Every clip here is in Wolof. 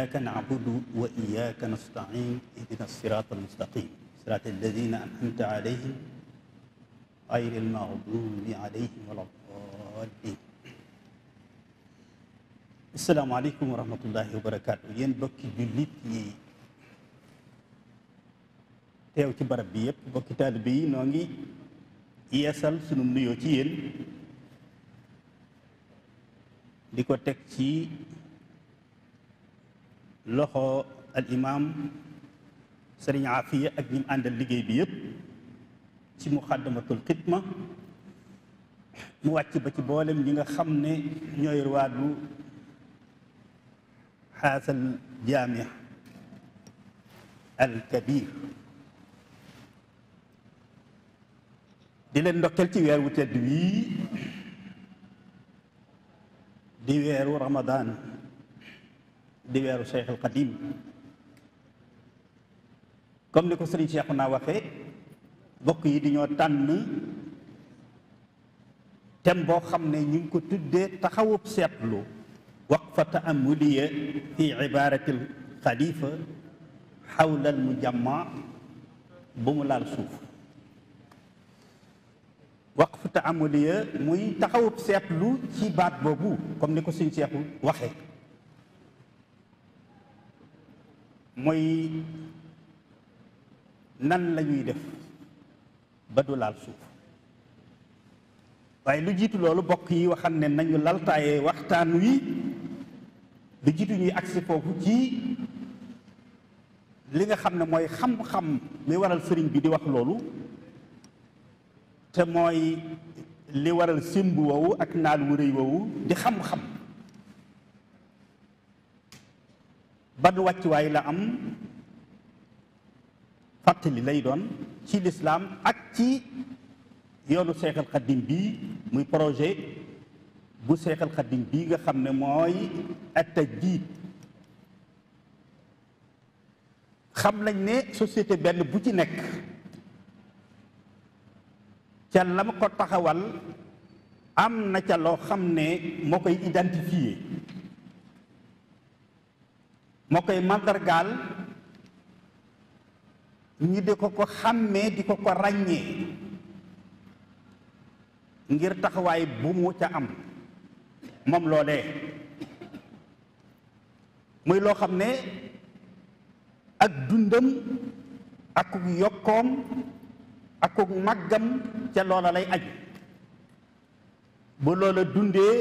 iyyaka na'budu wa iyyaka nasta'in ihdina as-sirata al-mustaqim sirata alladhina an'amta alayhim ghayri al-maghdubi alayhim wa lad-dallin asalaamaaleykum wa rahmatullahi wa barakaatu yéen bokki jullit yi teew ci barab bi yépp bokki taalibe yi noo ngi yeesal sunu nuyoo ci yéen di ko teg ci loxo al imaam sëriñ Afiya ak ñim àndal liggéey bi yépp ci muxaddamatul xidma mu wàcc ba ci boolem ñi nga xam ne ñooy waadu xaasal jaami al kabir di leen ndokkeel ci weer wu tedd wii di weeru Ramadan di weeru Cheikhul Xadim comme ni ko sëriñ Cheikh naa waxee bokk yi di ñoo tànn tem boo xam ne ñu ngi ko tuddee taxawub seetlu waqfa taamuliya fi ibaarati alxalifa xawla al mujamma bu mu laal suuf wax waqfa taamuliya muy taxawub seetlu ci baat boobu comme ni ko sëriñ Cheikh waxee mooy nan la ñuy def ba du laal suuf waaye lu jiitu loolu bokk yi waxam ne nañu laltaaye waxtaan wi lu jiitu ñuy agsi foofu ci li nga xam ne mooy xam-xam li waral sëriñ bi di wax loolu te mooy li waral simb woowu ak naan wu woowu di xam-xam ban wàccuwaay la am fàttali lay doon ci lislaam ak ci yoonu seexal xaddim bi muy projet bu seexal xaddim bi nga xam ne mooy at-tajdiid xam nañ ne société benn bu ci nekk ca la ma ko taxawal am na ca loo xam ne moo koy identifier moo koy màndargaal ñi di ko ko xàmmee di ko ko ràññee ngir taxawaay bu ca am moom loolee muy loo xam ne ak dundam ak yokkoom ak màggam ca loola lay aju bu loola dundee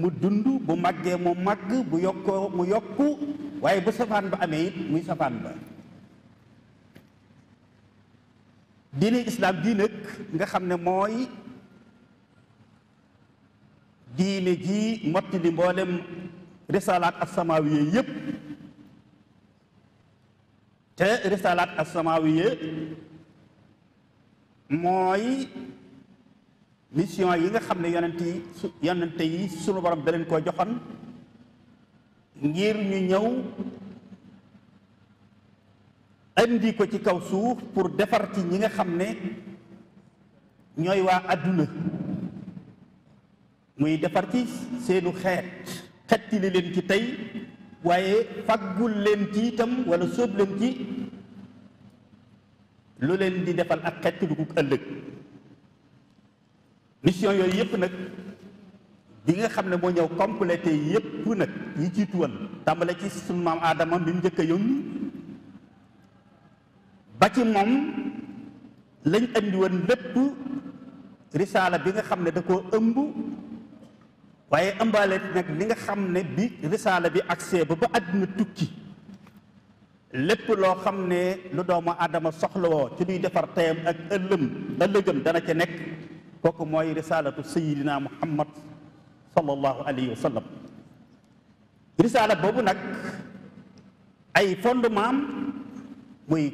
mu dund bu màggee mu màgg bu yokkoo mu yokku waaye bu safaan ba amee it muy safaan ba diine islaam ji nag nga xam ne mooy diine ji motti di mboolem risalaat assamaawiye yépp te risalaat assamaawiye mooy mission yi nga xam ne yonent yi yonente yi sunu borom da leen koo joxoon ngir ñu ñëw indi ko ci kaw suuf pour defar ci ñi nga xam ne ñooy waa àdduna muy defar ci seenu xeet xettili leen ci tey waaye faggul leen ci itam wala sóob leen ci lu leen di defal ak xettiliku ëllëg mission yooyu yépp nag bi nga xam ne moo ñëw complété yépp nag yi jiitu woon tàmbale ci sunu maam aadama bi mu njëkk a yónni ba ci moom lañ andi woon lépp risaala bi nga xam ne da koo ëmb waaye ëmbaale nag li nga xam ne bi risaala bi accès ba ba àddina tukki lépp loo xam ne lu doomu aadama soxlawoo ci luy defar tayam ak ëllëm ëllëgam dana ca nekk kooku mooy risaalatu sayidina muhammad sallallahu alayhi wa sallam boobu nag ay fondement am muy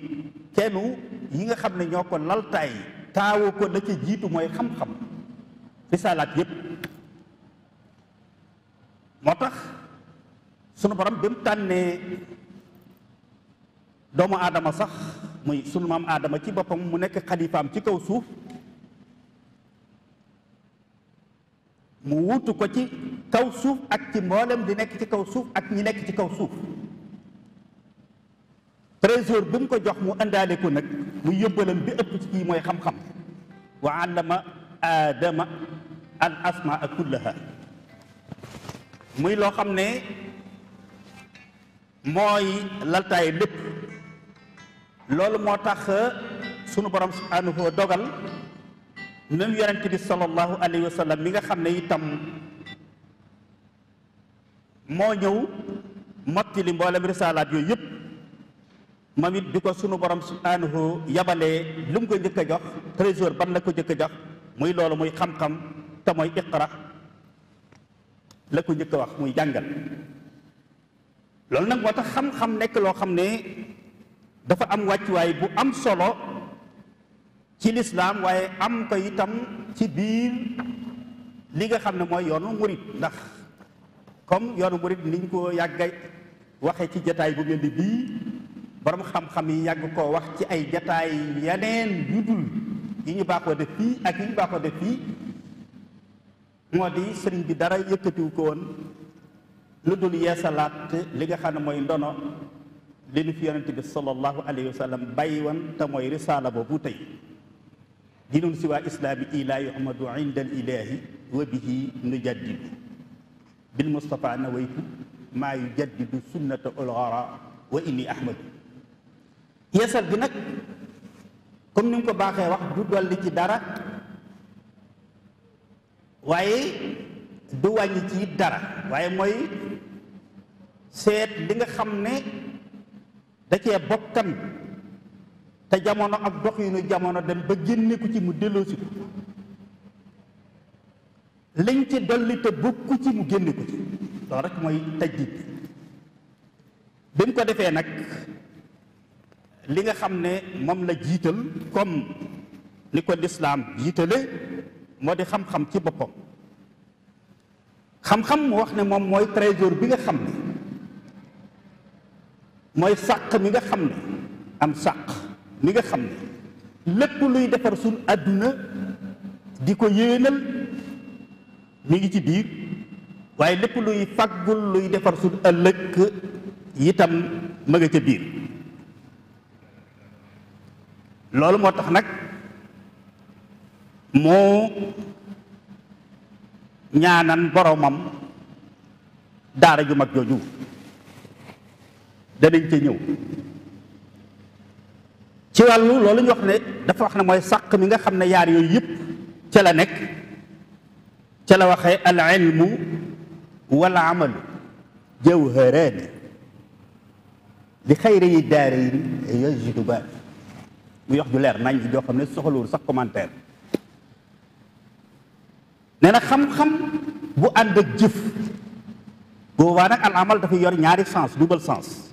kennu yi nga xam ne ñoo ko laltaay taawu ko la ci jiitu mooy xam-xam risaalaat yépp moo tax sunu borom bi mu tànnee doomu aadama sax muy sunu maam aadama ci boppam mu nekk xalifaam ci kaw suuf mu wuutu ko ci kaw suuf ak ci mboolem di nekk ci kaw suuf ak ñi nekk ci kaw suuf trésor bi mu ko jox mu indaale ko nag mu yóbbalam bi ëpp ci mooy xam-xam wa allama aadama al asmaa kullaha muy loo xam ne mooy laltaay lépp loolu moo tax sunu borom subhanahu dogal même yonent bi sallallahu alayhi wa sallam mi nga xam ne itam moo ñëw mottili mboolem resalaat yooyu yëpp ma it bi ko sunu borom subhaanahu yabalee lu mu ko njëkk a jox trésor ban la ko njëkk a jox muy loolu muy xam-xam te mooy iqra la ko njëkk wax muy jàngal loolu nag moo tax xam-xam nekk loo xam ne dafa am wàccuwaay bu am solo ci lislaam waaye am ko itam ci biir li nga xam ne mooy yoonu murit ndax comme yoonu murit niñ ko yàgga waxee ci jataay bu mel ni bii boroom xam-xam yi yàgg koo wax ci ay jataay yeneen yu dul yi ñu baaxoo def fii ak yi ñu baaxoo def fii moo di sëriñ bi dara yëkkatiwu ko woon lu dul yeesalaat li nga xam ne mooy ndono li nu fi yonente bi sallallahu alayhi wa sallam bàyyi woon te mooy risaala boobu tey dinun siwaa islaami i laa yuhamadu inda al ilahi wa bihi nujaddidu bil mustapha nawaytu maa yujaddidu sunnata ulgara wa nag comme ni ko baaxee wax ci dara waaye du wàññi ci dara waaye mooy seet li nga xam ne da cee bokkan te jamono ak doxinu jamono dem ba génne ko ci mu delloosi ko liñ ci dolli te bokku ci mu génne ko ci loolu rek mooy tajdid bi mu ko defee nag li nga xam ne moom la jiital comme ni ko lislaam jiitale moo di xam-xam ci boppam xam-xam mu wax ne moom mooy trésor bi nga xam ne mooy sàq mi nga xam ne am sàq mi nga xam ne lépp luy defar suñ àdduna di ko yéenal mi ngi ci biir waaye lépp luy fàggul luy defar suñ ëllëg itam ma nga ca biir loolu moo tax nag moo ñaanan boromam daara ju mag jooju danañ ca ñëw ci wàllu loolu ñu wax ne dafa wax ne mooy sàq mi nga xam ne yaar yooyu yëpp ca la nekk ca la waxee al ilmu wal amalu jawharaani li xayri yi daarayn yajdubaan mu yox ju leer nañ joo xam ne soxlawul sax commentaire nee na xam-xam bu ànd ak jëf boobaa nag al amal dafa yor ñaari sens double sens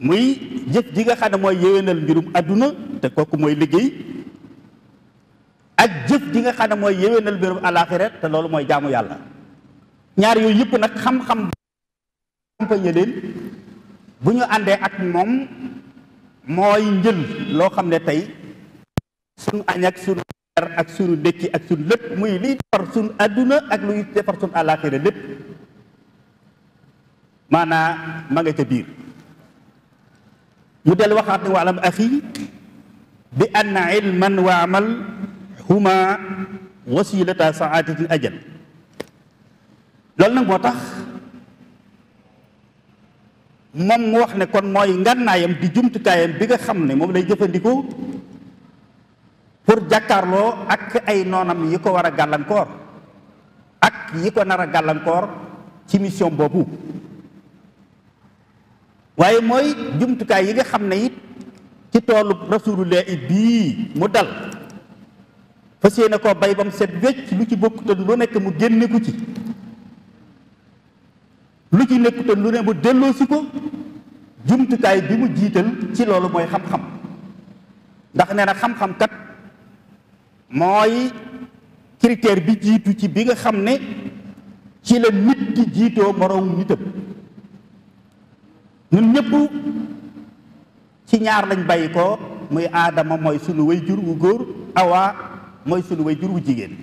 muy jëf ji nga xam ne mooy yéwénal mbirum àdduna te kooku mooy liggéey ak jëf ji nga xam ne mooy yéwénal mbirum alaxira te loolu mooy jaamu yàlla ñaar yooyu yëpp nag xam-xam bu ñu àndee ak moom mooy njël loo xam ne tey suñu añ ak suñu reer ak suñu dëkki ak suñu lépp muy liy defar suñu adduna ak luy defar suñu alaxira lépp maanaa ma nga ca biir mu del waxaat ne waalam axi bi naa ann ilman wa amal huma wasilata saadatil ajal loolu nag moo tax moom mu wax ne kon mooy ngànnaayam di jumtukaayam bi nga xam ne moom lay jëfandikoo pour jàkkaarloo ak ay noonam yi ko war a gàllankoor ak yi ko nar a gàllankoor ci mission boobu waaye mooy jumtukaay yi nga xam ne it ci toolu rasulullah it bii mu dal fas yéene ko bay bam set wécc lu ci bokkutoon lu nekk mu génne ko ci lu ci nekkutoon lu ne mu delloosi ko jumtukaay bi mu jiital ci loolu mooy xam-xam ndax nee na xam-xam kat mooy critère bi jiitu ci bi nga xam ne ci la nit ki jiitoo moroomu nitam ñun ñëpp ci ñaar lañ bàyyi ko muy aadama mooy sunu way jur wu góor awa mooy sunu way jur wu jigéen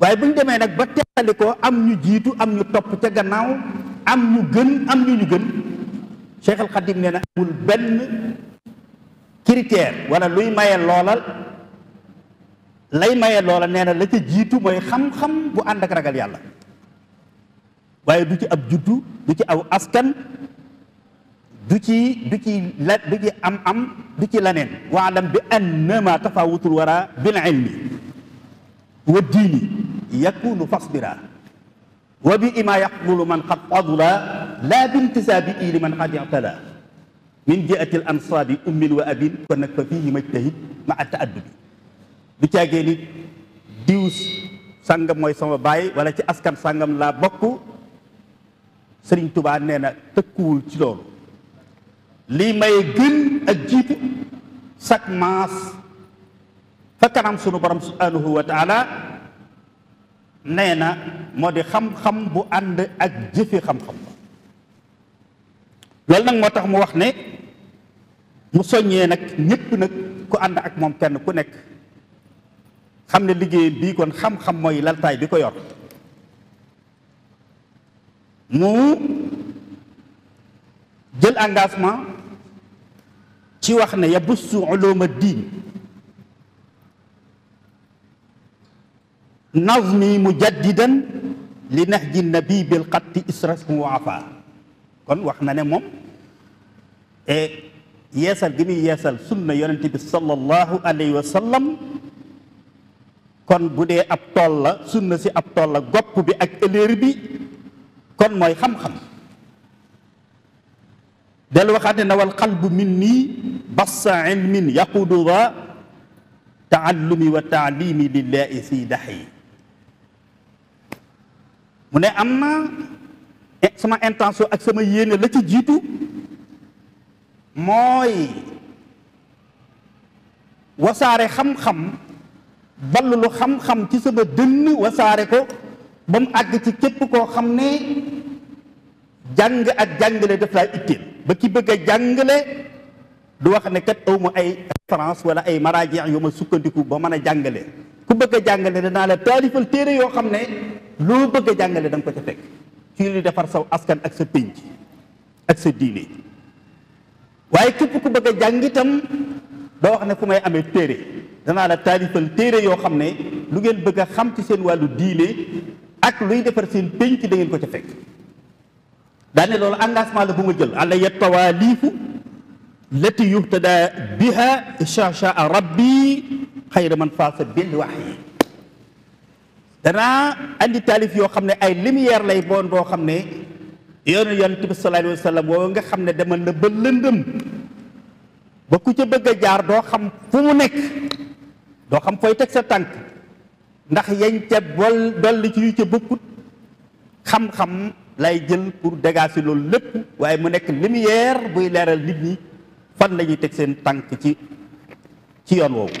waaye bu ñu demee nag ba teqali ko am ñu jiitu am ñu topp ca gannaaw am ñu gën am ñu ñu gën Cheikh Al Khadim nee na amul benn critère wala luy maye loolal lay maye loola nee na la ca jiitu mooy xam-xam bu ànd ak ragal yàlla waaye du ci ab juddu du ci aw askan du ci du ci la du ci am am du ci laneen waalam bi annama tafawutul wara bil ilmi wa diini yakunu fasbira wa bi ima yaqbulu man qad fadula la bintisaabi i li man qad ictala min jiati l ansaabi ummin wa abin kon nag fa fiihi majtahid ma a taaddubi du caagee ni diw sàngam mooy sama baay wala ci askan sàngam laa bokk Sëriñ Tubaa nee na tëkkuwul ci loolu lii may gën ak jiitu sak maas fa kanam sunu borom subhanahu wa nee na moo di xam-xam bu ànd ak jëfe xam-xam loolu nag moo tax mu wax ne mu soññee nag ñépp nag ku ànd ak moom kenn ku nekk xam ne liggéey bii kon xam-xam mooy laltaay bi ko yor mu jël engagement ci wax ne yabussu uluma diin nazmi mujaddidan li nahji nabi bil xatti israsmu wa afa kon wax na ne moom e yeesal gi muy yeesal sunna yonent bi sallallahu alayhi wa sallam kon bu dee ab tool la sunna si ab tool la gopp bi ak ëllëer bi kon mooy xam-xam dellu waxaat na wal qalbu min bassa ilmin yaquduba taallumi wa taalimi lillahi si daxi mu ne am na sama intention ak sama yéene la ci jiitu mooy wasaare xam-xam lu xam-xam ci sama dënn wasaare ko ba mu àgg ci képp koo xam ne jàng ak jàngale daf laa itteel ba ki bëgg a jàngale du wax ne kat aw ay référence wala ay maraajeex yoo ma sukkandiku ba mën a jàngale ku bëgg a jàngale danaa la taalifal téere yoo xam ne loo bëgg a jàngale ko ca fekk ci li defar saw askan ak sa pénc ak sa diine waaye képp ku bëgg a jàng itam doo ne fu may amee téere danaa la taalifal téere yoo xam ne lu ngeen bëgg a xam ci seen wàllu diine ak luy defar seen pénc da ngeen ko ca fekk daane loolu engagement la bu ma jël àlla yet tawaaliifu lati yuhtada biha shashaa rabbi xayra man faasa bil wahyi danaa andi taalif yoo xam ne ay lumière lay boon boo xam ne yoonu yonent bi sallallahu nga xam ne demal na ba lëndëm ba ku ca bëgg a jaar doo xam mu nekk doo xam teg sa tànk ndax yañ ca bol dolli ci yu ca bokkut xam-xam lay jël pour dégager loolu lépp waaye mu nekk lumière buy leeral nit ñi fan la ñuy teg seen tànk ci ci yoon woowu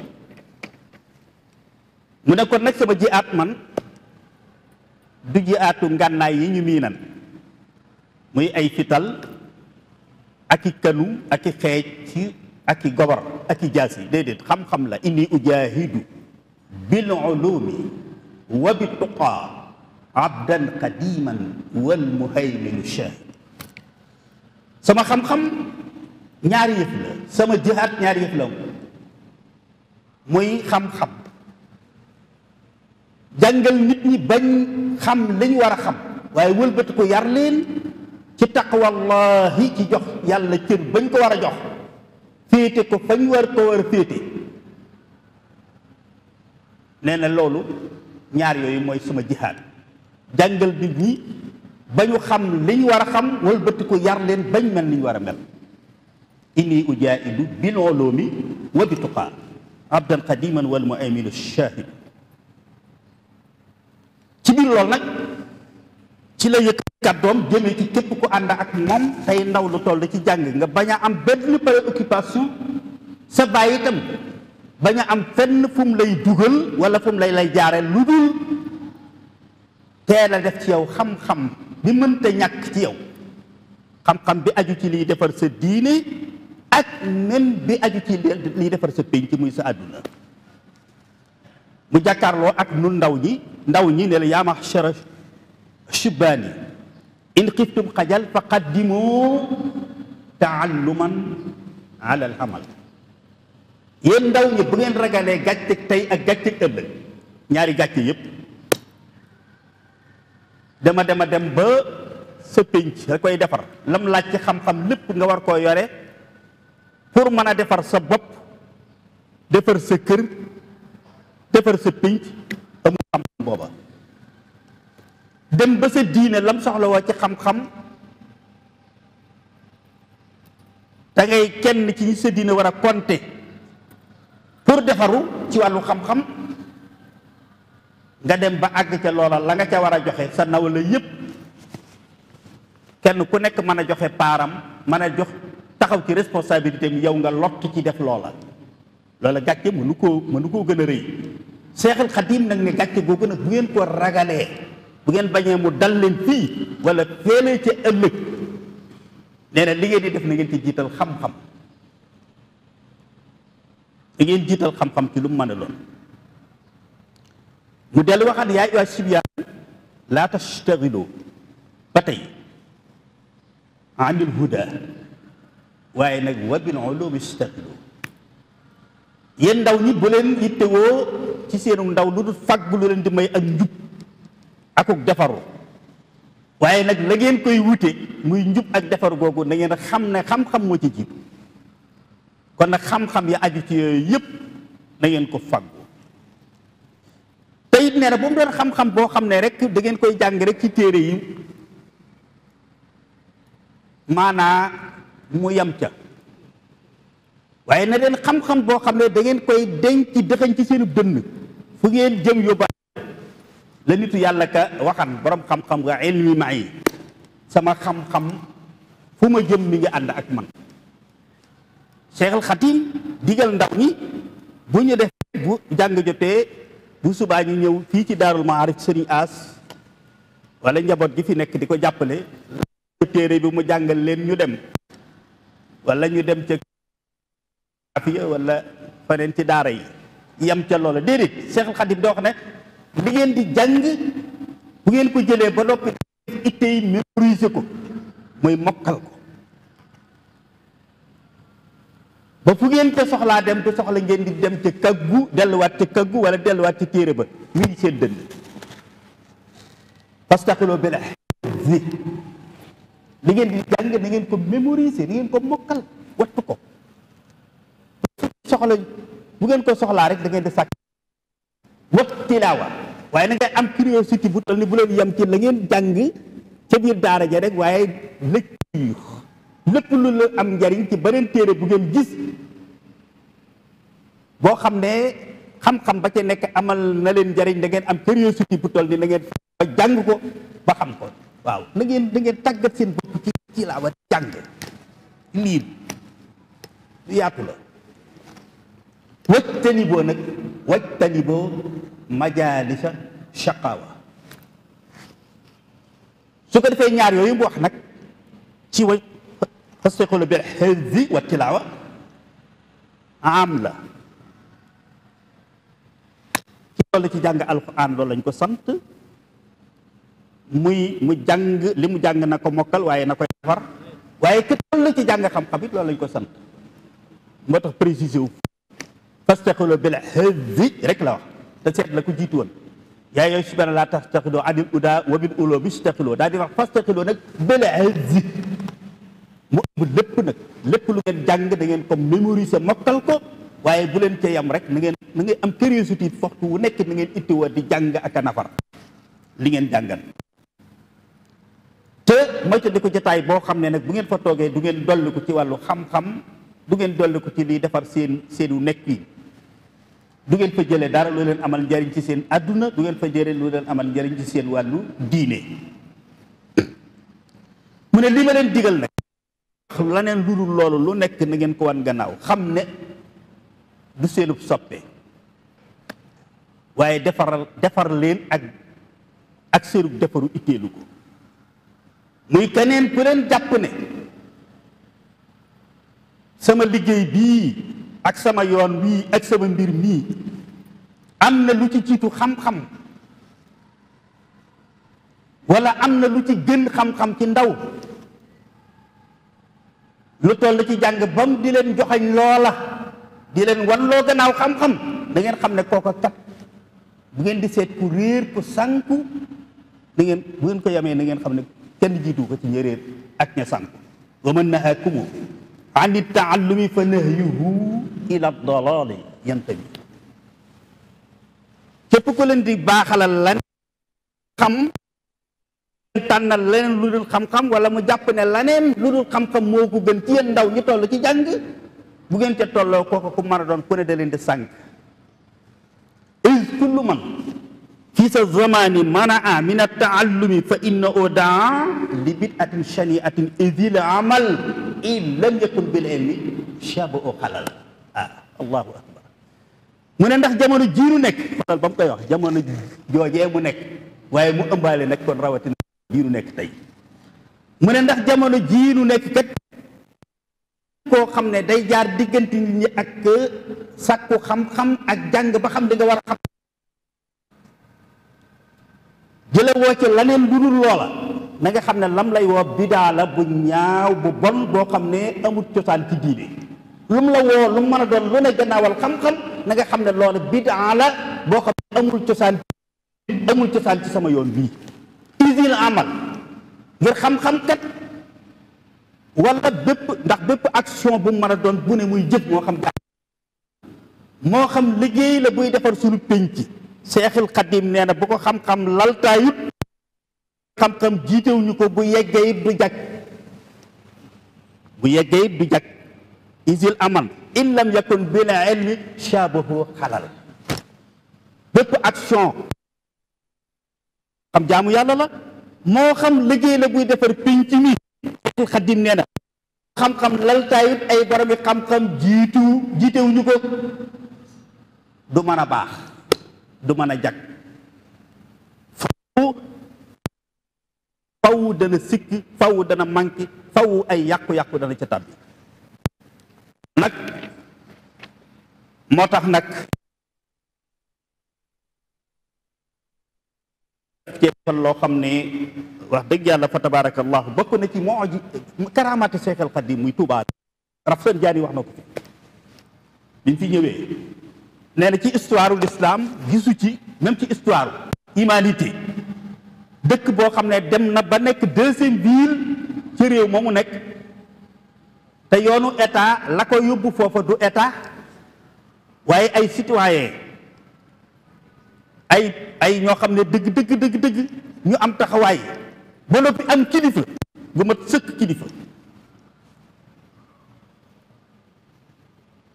mu ne kon nag sama ji aat man du ji aatu ngànnaay yi ñu miinan muy ay fital ak i kanu ak i xeej ci ak i gobar ak i jaas yi déedéet xam-xam la inni ujaahidu bil ulumi wa bi tuqaa abdan qadiman wal muhayminu shaahid sama xam-xam ñaari yëf la sama jihaat ñaari yëf la muy xam-xam jàngal nit ñi bañ xam li war a xam waaye wëlbati ko yar leen ci taqwallahi ci jox yàlla cër bañ ko war a jox féete ko fañ war ko war a féete nee na loolu ñaar yooyu mooy sama jihaat jàngal nit ñi ba ñu xam li ñu war a xam wëlbati ko yar leen bañ mel ni war a mel inni ujaailu bil ulumi wa bi tuqaa abdan qadiman wal mu'minu shahid ci biir loolu nag ci la yëkk kàddoom jëmee ci képp ku ànd ak moom tey ndaw lu toll ci jàng nga bañ am benn préoccupation sa bàyyi itam bañ am fenn fu lay dugal wala fu lay lay jaare lu dul teel a def ci yow xam-xam bi mënta ñàkk ci yow xam-xam bi aju ci liy defar sa diine ak même bi aju ci liy defar sa pénc muy sa àdduna mu jàkkaarloo ak nun ndaw ñi ndaw ñi ne la yaa mahshara shubbaani in xiftum xajal fa qaddimu taalluman ala al amal yéen ndaw ñi bu ngeen ragalee gàcceeg tey ak gàcceeg ëllëg ñaari gàcce yépp dama dema dem ba sa pénc da koy defar lam laaj ci xam-xam lépp nga war koo yore pour mën a defar sa bopp defar sa kër defar sa pinc amul booba dem ba sa diine lam soxla woo ci xam-xam da ngay kenn ci ñi sa diine war a compter pour defaru ci wàllu xam-xam nga dem ba àgg ca loola la nga ca war a joxe sa nawle yépp kenn ku nekk mën a joxe paaram mën a jox taxaw ci responsabilité mi yow nga lott ci def loola loola gàcce mënu koo nu koo gën a rëy seexal xadim nag ne gàcce googu nag bu ngeen ko ragalee bu ngeen bañee mu dal leen fii wala féelee ca ëllëg nee na li ngeen di def na ngeen ci jiital xam-xam li ngeen jiital xam-xam ci lu mu mën a doon mu dellu waxaat yaay waa sibyaan laa tastaxilu ba tey anil huda waaye nag wabil ulumi istaqilu yéen ndaw ñi bu leen yittewoo ci seenu ndaw lu dul fàgg lu leen di may ak njub akuk defaru waaye nag la ngeen koy wute muy njub ak defar googu na xam ne xam moo ci jiitu kon nag xam-xam ya aju ci yëpp na ngeen ko fàggu te it nee boo xam ne rek da ngeen koy jàng rek ci téere yi maanaa mu yam ca waaye na leen xam-xam boo xam ne da ngeen koy denc ci dëxañ ci seenu dënn fu ngeen jëm yóbbaale la nit yàlla ka waxan borom xam-xam nga ilmi ma yi sama xam-xam fu ma jëm mi nga ànd ak man Cheikh al digal ndaw ñi bu ñu def bu jàng jotee bu subaa ñu ñëw fii ci daarul maarif seeni As walla njaboot gi fi nekk di ko jàppale téere bi mu jàngal leen ñu dem wala ñu dem ca afiya wala faneen ci daara yi yam ca loola déedéet Seexul Xadim dox wax bi ngeen di jàng bu ngeen ko jëlee ba noppi itte yi mémoriser ko mooy mokkal ko ba fu ngeen ca soxlaa dem te soxla ngeen di dem ca kaggu delluwaat ca kaggu wala delluwaat ca téere ba wiñ seen dënn fastaxiloo ni li ngeen di jàng na ngeen ko mémoriser na ngeen ko mokkal wattu ko soxla bu ngeen ko soxlaa rek da ngeen di sàkk wat waaye na ngay am curiosité bu tal ni bu leen yem ci la ngeen jàng ca biir daara ja rek waaye lecture lépp lu la am njariñ ci beneen téere bu ngeen gis boo xam ne xam-xam ba ca nekk amal na leen njariñ da ngeen am curiosité bu tal ni na ngeen ba jàng ko ba xam ko waaw na ngeen da tàggat seen bopp ci ci laa wa jàng liir la wajtani nag wajtani boo majaalisa shaqaawa su ko defee ñaar yooyu mu wax nag ci way fastaxulu bil xizzi wa tilaawa am la ci loolu ci jàng alquran loolu lañ ko sant muy mu jàng li mu jàng na ko mokkal waaye na koy defar waaye ki la ci jàng xam-xam it loolu lañ ko sant moo tax précisé wu fastaxilu bil hizzi rek la wax te seet la ko jiitu woon yaa yooyu subhaana laa tastaxiloo anil udaa wa bil uloomi staxiloo daal di wax fastaxiloo nag bil hizzi mu ëmb lépp nag lépp lu ngeen jàng da ngeen ko mémoriser mokkal ko waaye bu leen ca yam rek na ngeen na ngeen am curiosité it waxtu wu nekk na ngeen itti woo di jàng ak a li ngeen jàngal moytandiku jataay boo xam ne nag bu ngeen fa toogee du ngeen ko ci wàllu xam-xam du ngeen ko ci liy defar seen seenu nekk yi du ngeen fa jëlee dara lu leen amal njariñ ci seen àdduna du ngeen fa jëlee lu leen amal njariñ ci seen wàllu diine mu ne li ma leen digal nag laneen lu dul loolu lu nekk na ngeen ko wan gannaaw xam ne du seenub soppe waaye defar defar leen ak ak seenub defaru itteelu ko muy keneen ku leen jàpp ne sama liggéey bii ak sama yoon wii ak sama mbir mii am na lu ci jiitu xam-xam wala am na lu ci gën xam-xam ci ndaw lu toll ci jàng ba mu di leen joxañ loola di leen walloo gannaaw xam-xam da ngeen xam ne kooko kat bu ngeen di seet ku réer ku sànku da ngeen bu ngeen ko yamee na ngeen xam ne kenn jiitu ko ci ñëréer ak ña sànk wa man nahaakumu an ittaallumi fa nahyuhu ila dalali yantami képp ko leen di baaxalal lan xam tànnal leneen lu dul xam-xam wala mu jàpp ne laneen lu dul xam-xam moo ku gën ci yéen ndaw ñi toll ci jàng bu ngeen ca tolloo kooku ku mën a doon ku ne da leen di sànk is kullu man kiisa zamani manaa min attaallumi fa innahu daa li bidatin shaniatin idil amal in lam yakun bil ilmi shaba o xalal ah allahu akbar mu ne ndax jamono jii nu nekk xoolal ba mu koy wax jamono joojee mu nekk waaye mu ëmbaale nag kon rawatina jii nu nekk tey mu ne ndax jamono jii nu nekk kat koo xam ne day jaar diggante nit ñi ak sàkku xam-xam ak jàng ba xam li nga war a xam jële woo ca laneen lu dul loola na nga xam ne lam lay woo bidaa la bu ñaaw bu bon boo xam ne amul cosaan ci diine lu mu la woo lu mu mën a doon lu ne gannaawal xam-xam na nga xam ne loola bidaa la boo xam ne amul cosaan amul cosaan ci sama yoon bii usine amal ngir xam-xam kat wala bépp ndax bépp action bu mu mën a doon bu ne muy jëf moo xam daa moo xam liggéey la buy defar suñu pénc seexil xadim nee na bu ko xam-xam laltaayut xam-xam jiitewuñu ko bu yegga it du jag bu yeggee it du isil aman in lam yakun bil ilmi shabahu xalal bépp action xam jaamu yàlla la moo xam liggéey la buy defar pénc mi seexil xadim nee na xam-xam laltaayut ay boromi xam-xam jiitu jiitewuñu ko du mën a baax du mën a jag faw faw dana sikki faw dana manki faw ay yàqu-yàqu dana ca tàbbi nag moo tax nag ceefal loo xam ne wax dëgg yàlla fa tabarakallahu bokk na ci moo ji karaamaati Seexal Xadiim muy Tuubaa raf seen jaar wax na ko fi biñ fi ñëwee nee na ci histoire u l'islam gisu ci même ci histoire humanité dëkk boo xam ne dem na ba nekk deuxième ville ci réew moomu nekk te yoonu état la ko yóbbu foofa du état waaye ay citoyen ay ay ñoo xam ne dëgg dëgg dëgg ñu am taxawaay ba noppi am kilifa gu mat sëkk kilifa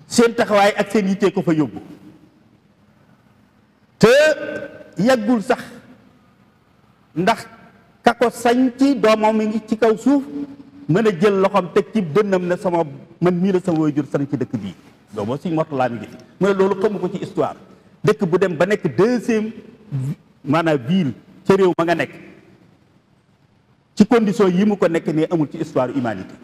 seen taxawaay ak seen yittee ko fa yóbbu te yàggul sax ndax ka ko sañ ci doomam mi ngi ci kaw suuf mën a jël loxoom teg ci dënnam ne sama man mii la sama waajur sañ ci dëkk bii doomoo suñ mortalaa mi ngi fi mu ne loolu xamu ko ci histoire dëkk bu dem ba nekk deuxième maanaam ville ca réew ma nga nekk ci condition yi mu ko nekk ne amul ci histoire humanité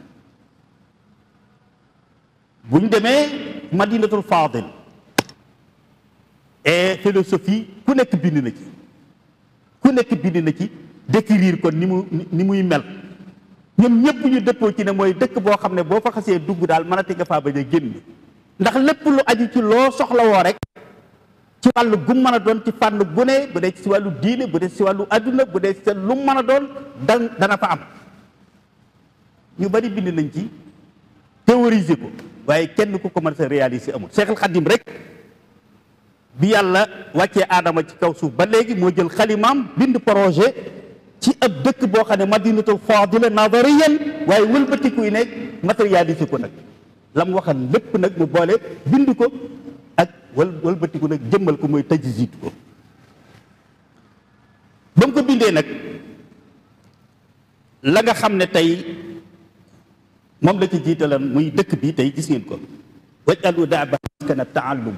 buñ demee madinatul fadil et philosophie ku nekk bind na ci ku nekk bind na ci décrire kon ni mu ni muy mel ñoom ñëpp ñu dëppoo ci ne mooy dëkk boo xam ne boo fa xasee dugg daal mënati nga faa bañ a génn ndax lépp lu aju ci loo soxlawoo rek ci wàllu gu mën a doon ci fànn gu ne bu dee ci wàllu diine bu dee ci wàllu adduna bu dee ci lu mën a doon dan dana fa am ñu bari bind nañ ci théoriser ko waaye kenn ku ko mën sa réaliser amul Seexul Xadim rek bi yàlla wàccee aadama ci kaw suuf ba léegi moo jël xalimaam bind projet ci ab dëkk boo xam ne madinatul fadila nadariyan waaye wëlbatikuy ne matérialisé ko nag la mu waxal lépp nag mu boole bind ko ak wël wëlbatiku nag jëmmal ko mooy tajjid ko ba mu ko bindee nag la nga xam ne tey moom la ci jiitalan muy dëkk bii tey gis ngeen ko waj alu daa ba maskana taallum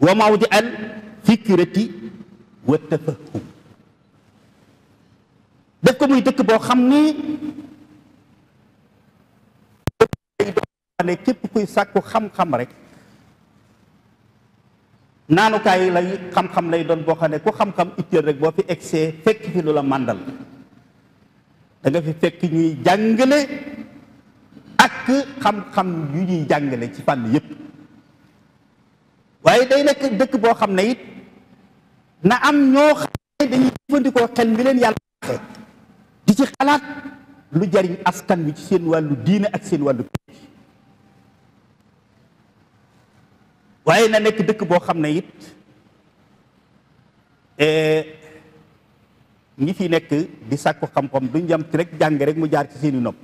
wa mawdi al fikrati wa tafahum def muy dëkk boo xam ni ne képp kuy sàkku xam-xam rek naanukaay lay xam-xam lay doon boo xam ne ku xam-xam itteel rek boo fi egsee fekk fi lu la màndal danga fi fekk ñuy jàngale ak xam-xam yu ñuy jàngale ci fànn yépp waaye day nekk dëkk boo xam ne it na am ñoo xam ne dañuy jëfandikoo xel mi leen yàlla di ci xalaat lu jariñ askan wi ci seen wàllu diine ak seen wàllu pénc waaye na nekk dëkk boo xam ne it eh, ñi fi nekk di sàkku xam-xam duñ jam ci rek jàng rek mu jaar ci seeni nopp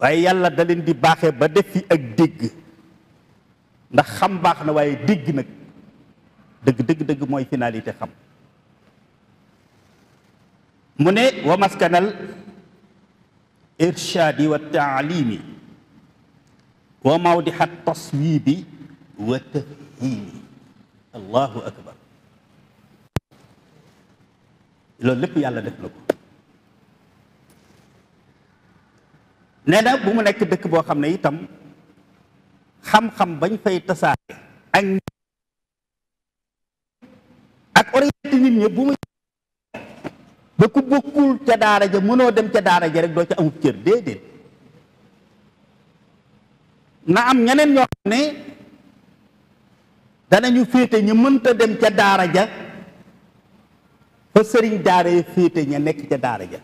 waaye yàlla da leen di baaxe ba def fi ak dégg ndax xam baax na waaye dégg nag dëgg dëgg mooy finalité xam mu ne wa maskanal irshaadi wa taalimi wa mawdixa taswibi wa tafhimi allahu akbar loolu lépp yàlla def na ko nee na bu mu nekk dëkk boo xam ne itam xam-xam bañ fay tasaare ak ak orienté ñi bu muy ba ku bokkul ca daara ja mënoo dem ca daara ja rek doo ca amub cër déedéet na am ñeneen ñoo xam ne danañu féete ñu mënta dem ca daara ja fa sëriñ daara ya féete ña nekk ca daara ja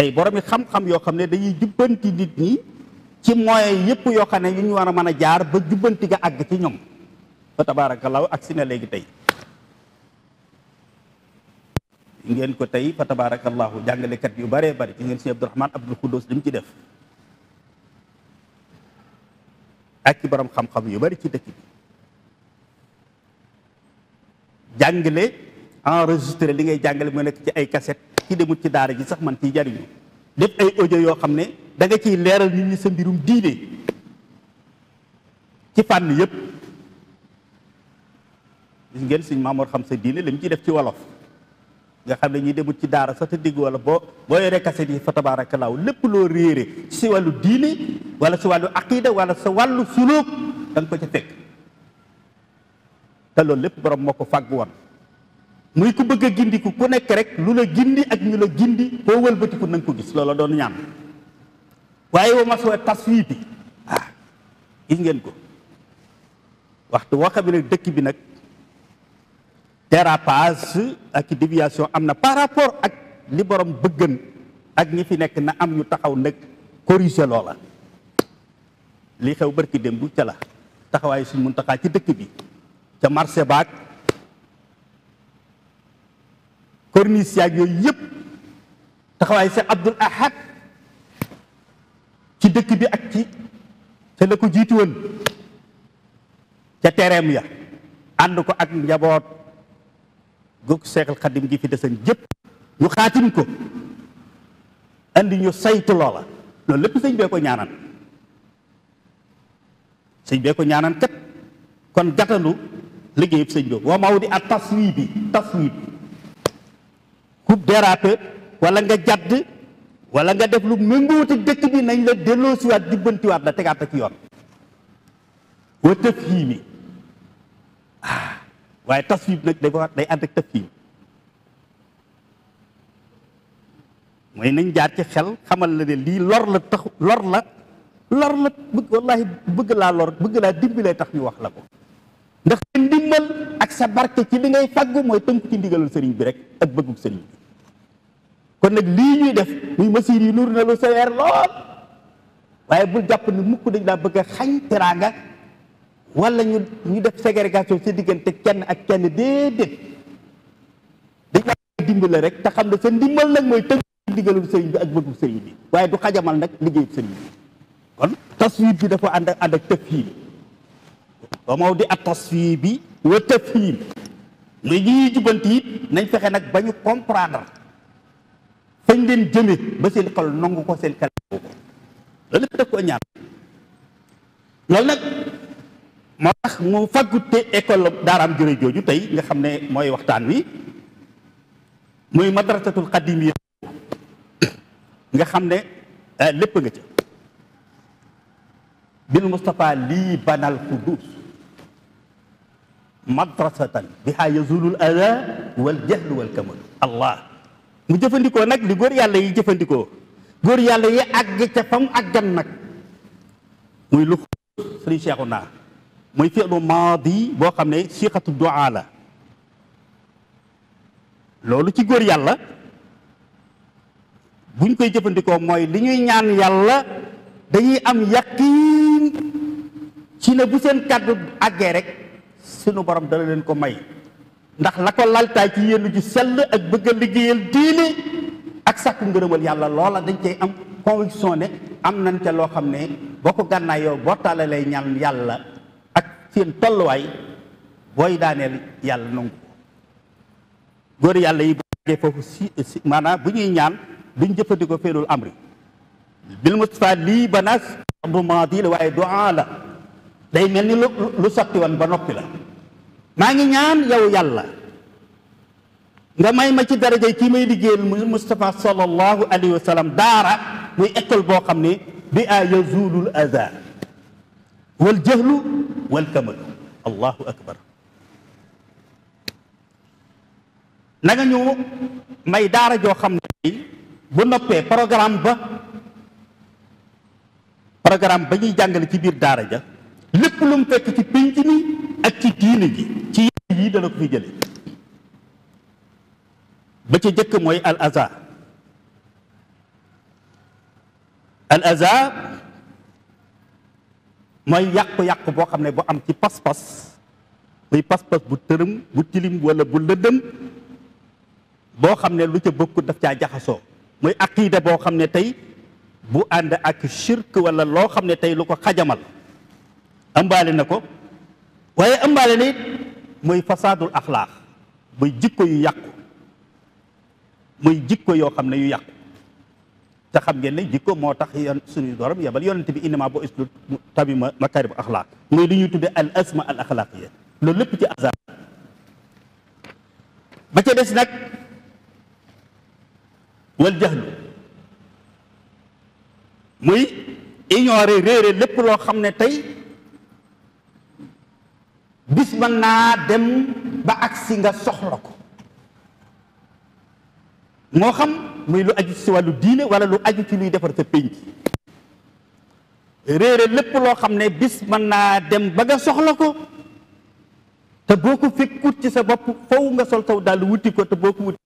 ay boromi xam-xam yoo xam ne dañuy jubbanti nit ñi ci moyen yëpp yoo xam ne yu ñu war a mën a jaar ba jubbanti ga àgg ci ñoom fa tabaarakallaahu ak si na léegi tey ngeen ko tey fa tabaarakallaahu jàngalekat yu baree bari ci ngeen si Abdourahman Abdul Xuddoos li mu ci def ak ci borom xam-xam yu bari ci dëkk bi jàngale enregistré li ngay jàngale mu nekk ci ay kaset ki demut ci daara ji sax man ciy jariñu def ay ojo yoo xam ne danga ciy leeral nit ñi sa mbirum diine ci fànn yépp gis ngeen sëñ Maamoor xam sa diine li mu ciy def ci wolof nga xam ne ñuy demut ci daara sax te digg wala boo boo yoree kaset yi fa tabaarakalaaw lépp loo réere ci si wàllu diine wala si wàllu aqida wala sa wàllu suluk da ko ca fekk te loolu lépp borom moo ko fàgg woon muy ku bëgg gindi gindiku ku nekk rek lu la gindi ak ñu la gindi koo wëlbatiku na nga ko gis loola doon ñaan waaye wa maswa taswib bi ah gis ngeen ko waxtu woo xam ne dëkk bi nag dérapage ak déviation am na par rapport ak li borom bëggan ak ñi fi nekk na am ñu taxaw nag corriger loola li xew barki dem bu ca la taxawaayu suñ mun taxaa ci dëkk bi ca marché baak corniche yaag yooyu yëpp taxawaay Cheikh Abdoul Ahad ci dëkk bi ak ci te la ko jiitu woon ca tereem ya ànd ko ak njaboot goog Seexul Xadim gi fi desan jëpp ñu xaatim ko andi ñu saytu loola loolu lépp sëñ bee ko ñaanal sëñ bee ko ñaanal kat kon gàttandu liggéeyub sëñ bi wa maw di ak taswiib taswiib coupe dérape wala nga jadd wala nga def lu méngoowut ak dëkk bi nañ la delloo siwaat jubbantiwaat la tegaat ci yoon wa tafhiimi ah waaye tasfiib nag day wax day ànd ak tafhiim mooy nañ jaar ci xel xamal la ne lii lor la tax lor la lor la bëgg wallaahi bëgg laa lor bëgg laa lay tax ñu wax la ko ndax sa ndimbal ak sa barke ci li ngay faggu mooy tënk ci ndigalal sëriñ bi rek ak bëggug sëriñ bi kon nag lii ñuy def muy masiir yi nur na lu seweer lool waaye bul jàpp ni mukk dañ laa bëgg a xañ teraanga wala ñu def ségrégation ci diggante kenn ak kenn déedéet dañ laa dimbale rek te xam ne sa ndimbal nag mooy tënk ndigalul sëriñ bi ak bëggub sëriñ bi waaye du xajamal nag liggéeyub sëriñ bi kon taswiib bi dafa ànd ak ànd ak tafhiim ba maw di ak taswiib bi wa tafhiim muy ñuy jubanti nañ fexe nag ba ñu comprendre fañ leen jëme ba seen xol nangu ko seen xel ko loolu def ko ñaan loolu nag moo tax mu fàggute école daaraam jëre jooju tey nga xam ne mooy waxtaan wi muy madrasatul xadimiya nga xam ne eh, lépp nga ca bil Mustapha lii banal xudus madrasatan biha yazulul ada wal jahl wal allah mu jëfandikoo nag li góor yàlla yi jëfandikoo góor yàlla yi àgg ca fam ak gan nag muy lu sëriñ seexu naa muy fi'lu maadi boo xam ne siixatu du'a la loolu ci góor yàlla buñ koy jëfandikoo mooy li ñuy ñaan yàlla dañuy am yaqiin ci ne bu seen kàddu àggee rek sunu borom dana leen ko may ndax la ko laltaay ci yénn ju sell ak bëgg a liggéeyal diine ak sàkk ngërëmal yàlla loola dañ cay am conviction ne am nañ ca loo xam ne boo ko gànnaay yow bottaale lay ñaan yàlla ak seen tolluwaay booy daaneel yàlla nangu góor yàlla yi bàggee foofu si maanaam bu ñuy ñaan duñ jëfandikoo feenul amri bil Mustafa lii banaas bu maadi la waaye duaa la day mel ni lu lu sotti woon ba noppi la maa ngi ñaan yow yàlla nga may ma ci darajay kii may liggéeyal muy Moustapha sallallahu alayhi wa sallam daara muy école boo xam ne bi a yazulul aza wal jahlu wal kamalu allahu akbar na nga ñu may daara joo xam ne bu noppee programme ba programme ba ñuy jàngale ci biir daara ja lépp lu mu fekk ci pénc mi ak ci diine ji ci yii dana ko jële ba ca jëkk mooy al aza al mooy yàqu-yàqu boo xam ne bu am ci pas-pas muy pas-pas bu tërëm bu tilim wala bu lëndëm boo xam ne lu ca bokkut daf caa jaxasoo muy aqida boo xam ne tey bu ànd ak shirk wala loo xam ne tey lu ko xajamal ëmbaale na ko waaye ëmbaale na it mooy fasaadul axlaax mooy jikko yu yàqu mooy jikko yoo xam ne yu yàqu te xam ngeen ne jikko moo tax yon suñu borom yabal yonent bi innama boo islu tami makarim axlaaq mooy li ñuy tudde al asma al axlaaqiya loolu lépp ci azar ba ca des nag wal jaxlu muy ignorer réere lépp loo xam ne tey bis mën naa dem ba agsi nga soxla ko moo xam muy lu aju ci wàllu diine wala lu aju ci luy defar sa pénc réere lépp loo xam ne bis mën naa dem ba nga soxla ko te boo ko fekkut ci sa bopp faw nga sol saw dàll wuti ko te boo ko wuti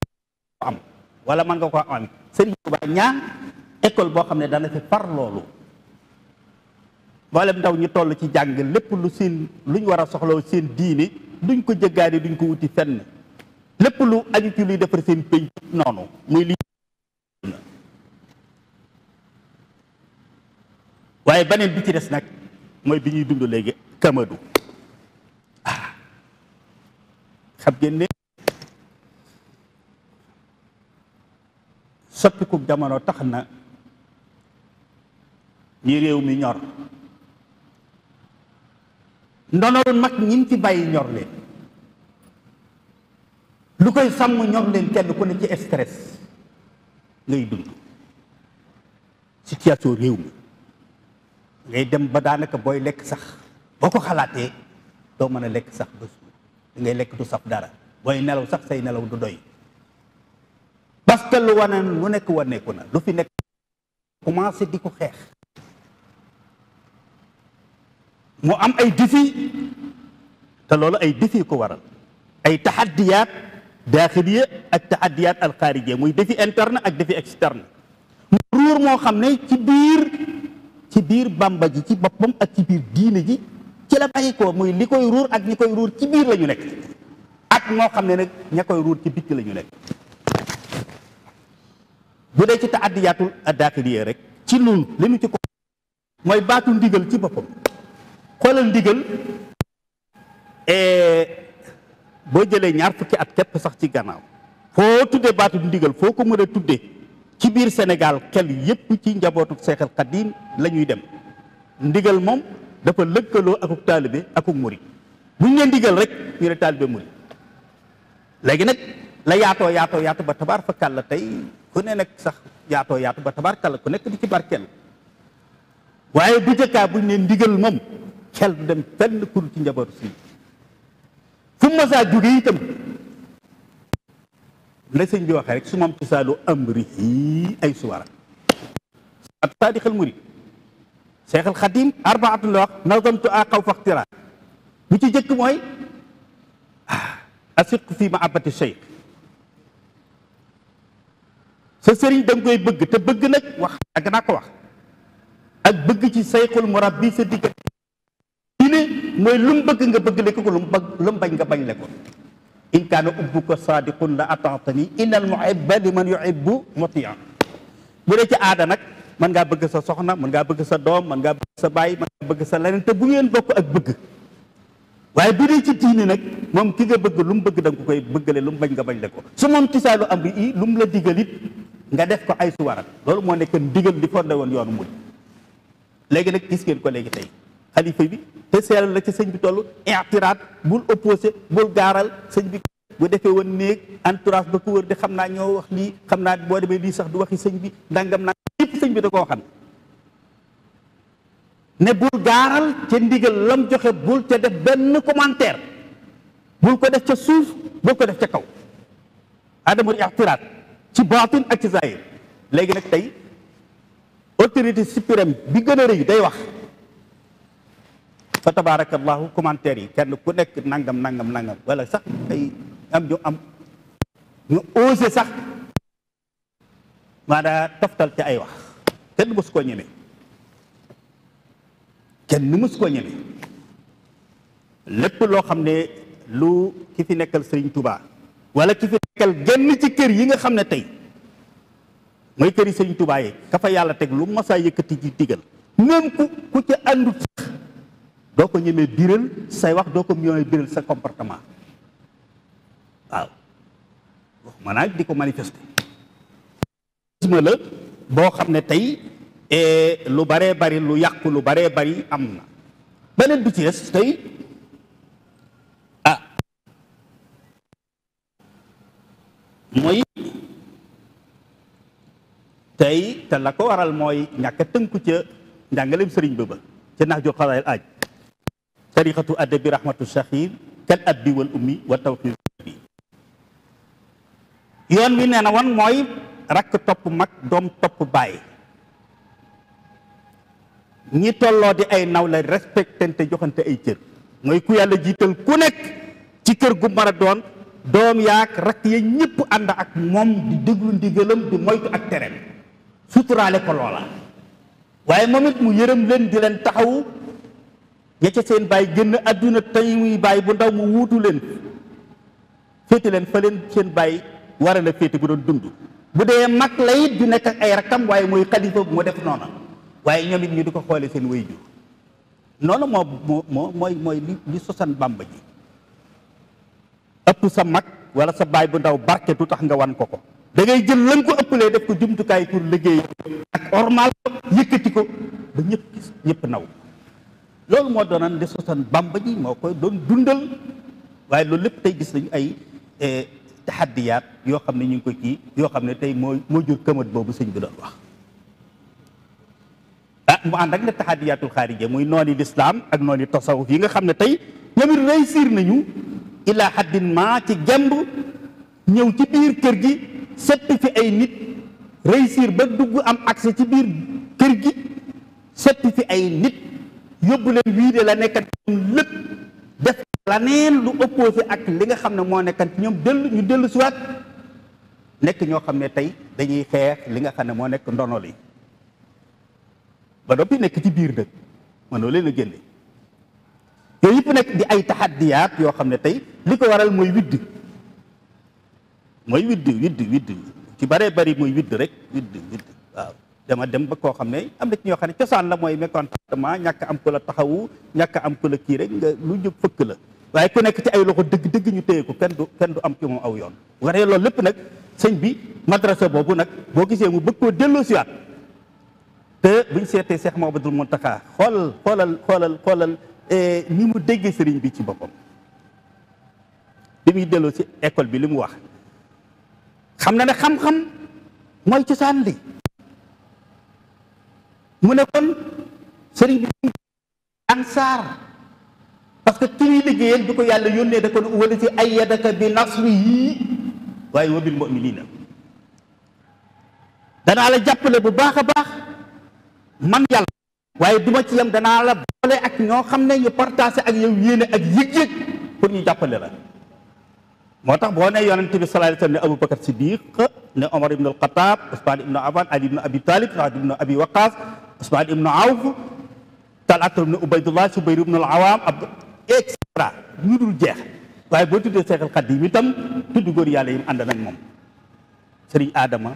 am wala mën nga ko am Sëriñ Tuubaa ñaan école boo xam ne dana fi far loolu mboolem ndaw ñi toll ci jàng lépp lu seen luñ war a soxlaw seen diini duñ ko jëggaani duñ ko wuti fenn lépp lu aju ci luy defar seen pénc noonu muy li waaye beneen bi ci des nag mooy bi ñuy dund léegi kamadu ah xam ngeen soppiku jamono tax na ñi réew mi ñor ndonol nag ñi fi bàyyi ñor leen lu koy sàmm ñor leen kenn ku ne ci stress ngay dund situation réew mi ngay dem ba daanaka booy lekk sax boo ko xalaatee doo mën a lekk sax ba suur ngay lekk du saf dara booy nelaw sax say nelaw du doy parce que lu wane lu nekk waneeku na lu fi nekk commencé di ko xeex mu am ay défi te loolu ay défi ko waral ay taxaddiyaat daaxiliya ak taxaddiyaat alxaarijiya muy défi intern ak defi externe mu ruur moo xam ne ci biir ci biir bàmba ji ci boppam ak ci biir diine ji ci la bàyyi ko muy li koy ruur ak ñi koy ruur ci biir la nekk ak moo xam ne nag ña koy ruur ci bitti lañu nekk bu dee ci taxaddiyaatul daaxiliya rek ci nun li nu ci ko mooy baatu ndigal ci boppam xoolal ndigal eh, boo jëlee ñaar fukki at kepp sax ci gannaaw foo tuddee baatu ndigal foo ko mën a tuddee ci biir Sénégal xel yépp ci njabootu Seexal Xadiim la ñuy dem ndigal moom dafa lëkkaloo akuk taalibe akuk murit bu ñu nee ndigal rek ñu ne taalibe murit léegi nag la yaatoo yaatoo yaatu ba tabaar fa kàll tey ku ne nag sax yaatoo yaatu ba tabaar kàll ku nekk di ci barkeel waaye bu jëkkaa bu ne ndigal moom xel du dem fenn ku ci njabootu si fu mu masaa jóge itam la sëñ bi waxee rek su moom ci saalu amri yi ay suwara ak saadixal murid seexal xadim arbaatun la wax nazamtu a xaw faxtira bu ci jëkk mooy ah, asiq fii ma abati cheikh sa sëriñ da koy bëgg te bëgg nag wax ak naa ko wax ak bëgg ci sayxul murabbi sa diggante diine mooy lu mu bëgg nga bëgg le ko lu mu bëgg lu bañ nga bañ le ko in kaana ubbuka saadiqun la ataatani innal muhibba li man yuhibbu mutia bu dee ci aada nag mën ngaa bëgg sa soxna mën ngaa bëgg sa doom mën ngaa bëgg sa baay mën ngaa bëgg sa leneen te bu ngeen bokk ak bëgg waaye bu dee ci diine nag moom ki nga bëgg lu mu bëgg da nga ko koy bëggale lu mu bañ nga bañ le ko su moom tisaalu am bi i lu mu la digal it nga def ko ay suwarat loolu moo nekk ndigal di fondé woon yoonu mul nag gis ngeen ko léegi tey xalifa bi te seeral la ci sëñ bi toll itiraat bul opposé bul gaaral sëñ bi bu defee woon néeg entourage ba ku wër di xam naa ñoo wax lii xam naa boo demee lii sax du waxi sëñ bi ndangam naa yépp sëñ bi da koo xam ne bul gaaral ca ndigal lam joxe bul ca def benn commentaire bul ko def ca suuf bul ko def ca kaw adamul ictiraat ci baatin ak ci zahir léegi nag tey autorité suprême bi gën a rëy day wax fa tabaarakallaahu commentaire yi kenn ku nekk nangam nangam nangam wala sax ay am ñu am ñu osé sax maanaam toftal ci ay wax kenn mësu koo ñeme kenn mësu koo ñeme lépp loo xam ne lu ki fi nekkal Sëriñ Tuubaa wala ki fi nekkal genn ci kër yi nga xam ne tey mooy kër yi Sëriñ Tuubaa yi ka fa yàlla teg lu mos yëkkati ci digal même ku ku ci àndut sax doo ko ñemee biral say wax doo ko ñemee biral sa comportement waaw waxuma naa di ko manifester isma boo xam ne tey eh, lu baree bari lu yàqu lu baree bari am na beneen bi ci des tey ah mooy tey te la ko waral mooy ñàkk tënku ca njàngaleem sëriñ ba ba ca nax jot xalaayal tariqatu adabi rahmatu saxiir kal abbi wal ummi wa tawxiir bi yoon wi nee na wan mooy rakk topp mag doom topp bàyyi ñi tolloo di ay naw la respectante joxante ay cër mooy ku yàlla jiital ku nekk ci kër gu mën a doon doom yaag rakk ya ñëpp ànd ak moom di déglu ndigalam di moytu ak tereem suturaale ko loola waaye moom it mu yërëm leen di leen taxawu ña ca seen baay génn àdduna tey muy baay bu ndaw mu wuutu leen féete leen fa leen seen baay war féete bu doon dund bu dee mag la it du nekk ak ay rakkam waaye mooy xalifa bu mu def noona waaye ñoom it ñu di ko xoole seen way jur noonu moo moo moo mooy mooy li li sosan bàmba ji ëpp sa mag wala sa baay bu ndaw barke du tax nga wan ko ko dangay ngay jël lañ ko ëppalee def ko jumtukaay pour liggéey ak ormal yëkkati ko ba ñëpp gis ñëpp naw loolu moo doonoon nde sosan bamba ji moo koy doon dundal waaye loolu lépp tey gis nañu ay eh, taxaddiyaat yoo xam ne ñu ngi ko ci yoo xam ne tey moo moo jur këmat boobu sëñ bi doon wax ah mu ànd ak ne taxadiyaatul xaarija muy nooni lislaam ak nooni tasawuf yi nga xam ne tey ñoom it réussir nañu ila haddin ma ci gemb ñëw ci biir kër gi sett fi ay nit réussir ba dugg am accès ci biir kër gi sett fi ay nit yóbbu leen wii de la nekkat ñoom lépp def laneen lu opposé ak li nga xam ne moo nekkat ñoom dellu ñu dellu siwaat nekk ñoo xam ne tey dañuy xeex li nga xam ne moo nekk ndono li ba noppi nekk ci biir nag mënoo leen a génne yooyu yëpp nekk di ay taxaddiyaat yoo xam ne tey li ko waral mooy widd mooy widd widd widd ci baree bari mooy widd rek widd widd waaw dama dem ba koo xam ne am na ci ñoo xam ne cosaan la mooy mécontentement ñàkk am ku la taxawu ñàkk am ku la kii rek nga lu ñu fëkk la waaye ku nekk ci ay loxo dëgg dëgg ñu téye ko kenn du du am ci moom aw yoon war waree loolu lépp nag sëñ bi madrasa boobu nag boo gisee mu bëgg koo delloo siwaat te buñ seetee Cheikh Mouhamadoul Mountakha xoolal xoolal xoolal xoolal eh, ni mu déggee sëriñ bi ci boppam bi muy delloo si école bi li mu wax xam na ne xam-xam mooy cosaan li mu ne kon sëriñ bi ansaar parce que ki muy liggéeyal bi ko yàlla yónnee da ko wala ci ayyadaka bi nasri yii waaye wa bil mu'minina danaa la jàppale bu baax a baax man yàlla waaye duma ci yam danaa la boole ak ñoo xam ne ñu partagé ak yow yéene ak yëg-yëg pour ñu jàppale la moo tax boo ne yonent bi sallallahu alayhi wa sallam ne Aboubacar Siddiq ne Omar ibn al-Khattab Ousmane ibn Affan Ali ibn Abi Talib Saad ibn Abi Waqas Usmaan ibnu Awf Talata ibnu Ubaydullah Subayr ibnu Awaam ab et cetera dul jeex waaye boo tuddee Seexal Xadiim itam tudd góor yàlla yi mu ànd nañ moom sëriñ Adama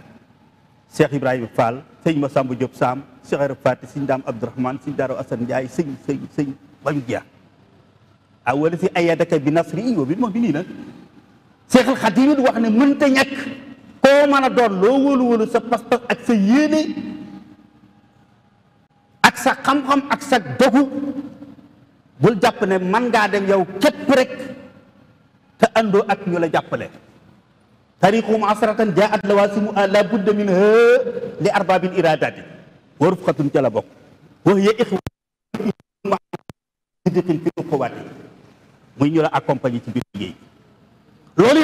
Cheikh Ibrahima Fall sëñ Masamba Diop Sam Cheikh Arab Fati sëñ Daam Abdourahmane sëñ Daaro Assane Ndiaye sëñ sëñ sëñ ayadaka bi nasri wa bi moom bi nii nag wax ne mënta ñàkk koo mën a loo wóolu wóolu sa pas-pas ak sa sa xam-xam ak sa dogu bul jàpp ne man ngaa dem yow képp rek te àndoo ak ñu la jàppale tariqum asratan jaat lawasimu la budda min ha li arbabil iradati wa rufqatun ca la bokk wa hiya muy ñu la accompagner ci biir liggéey loolu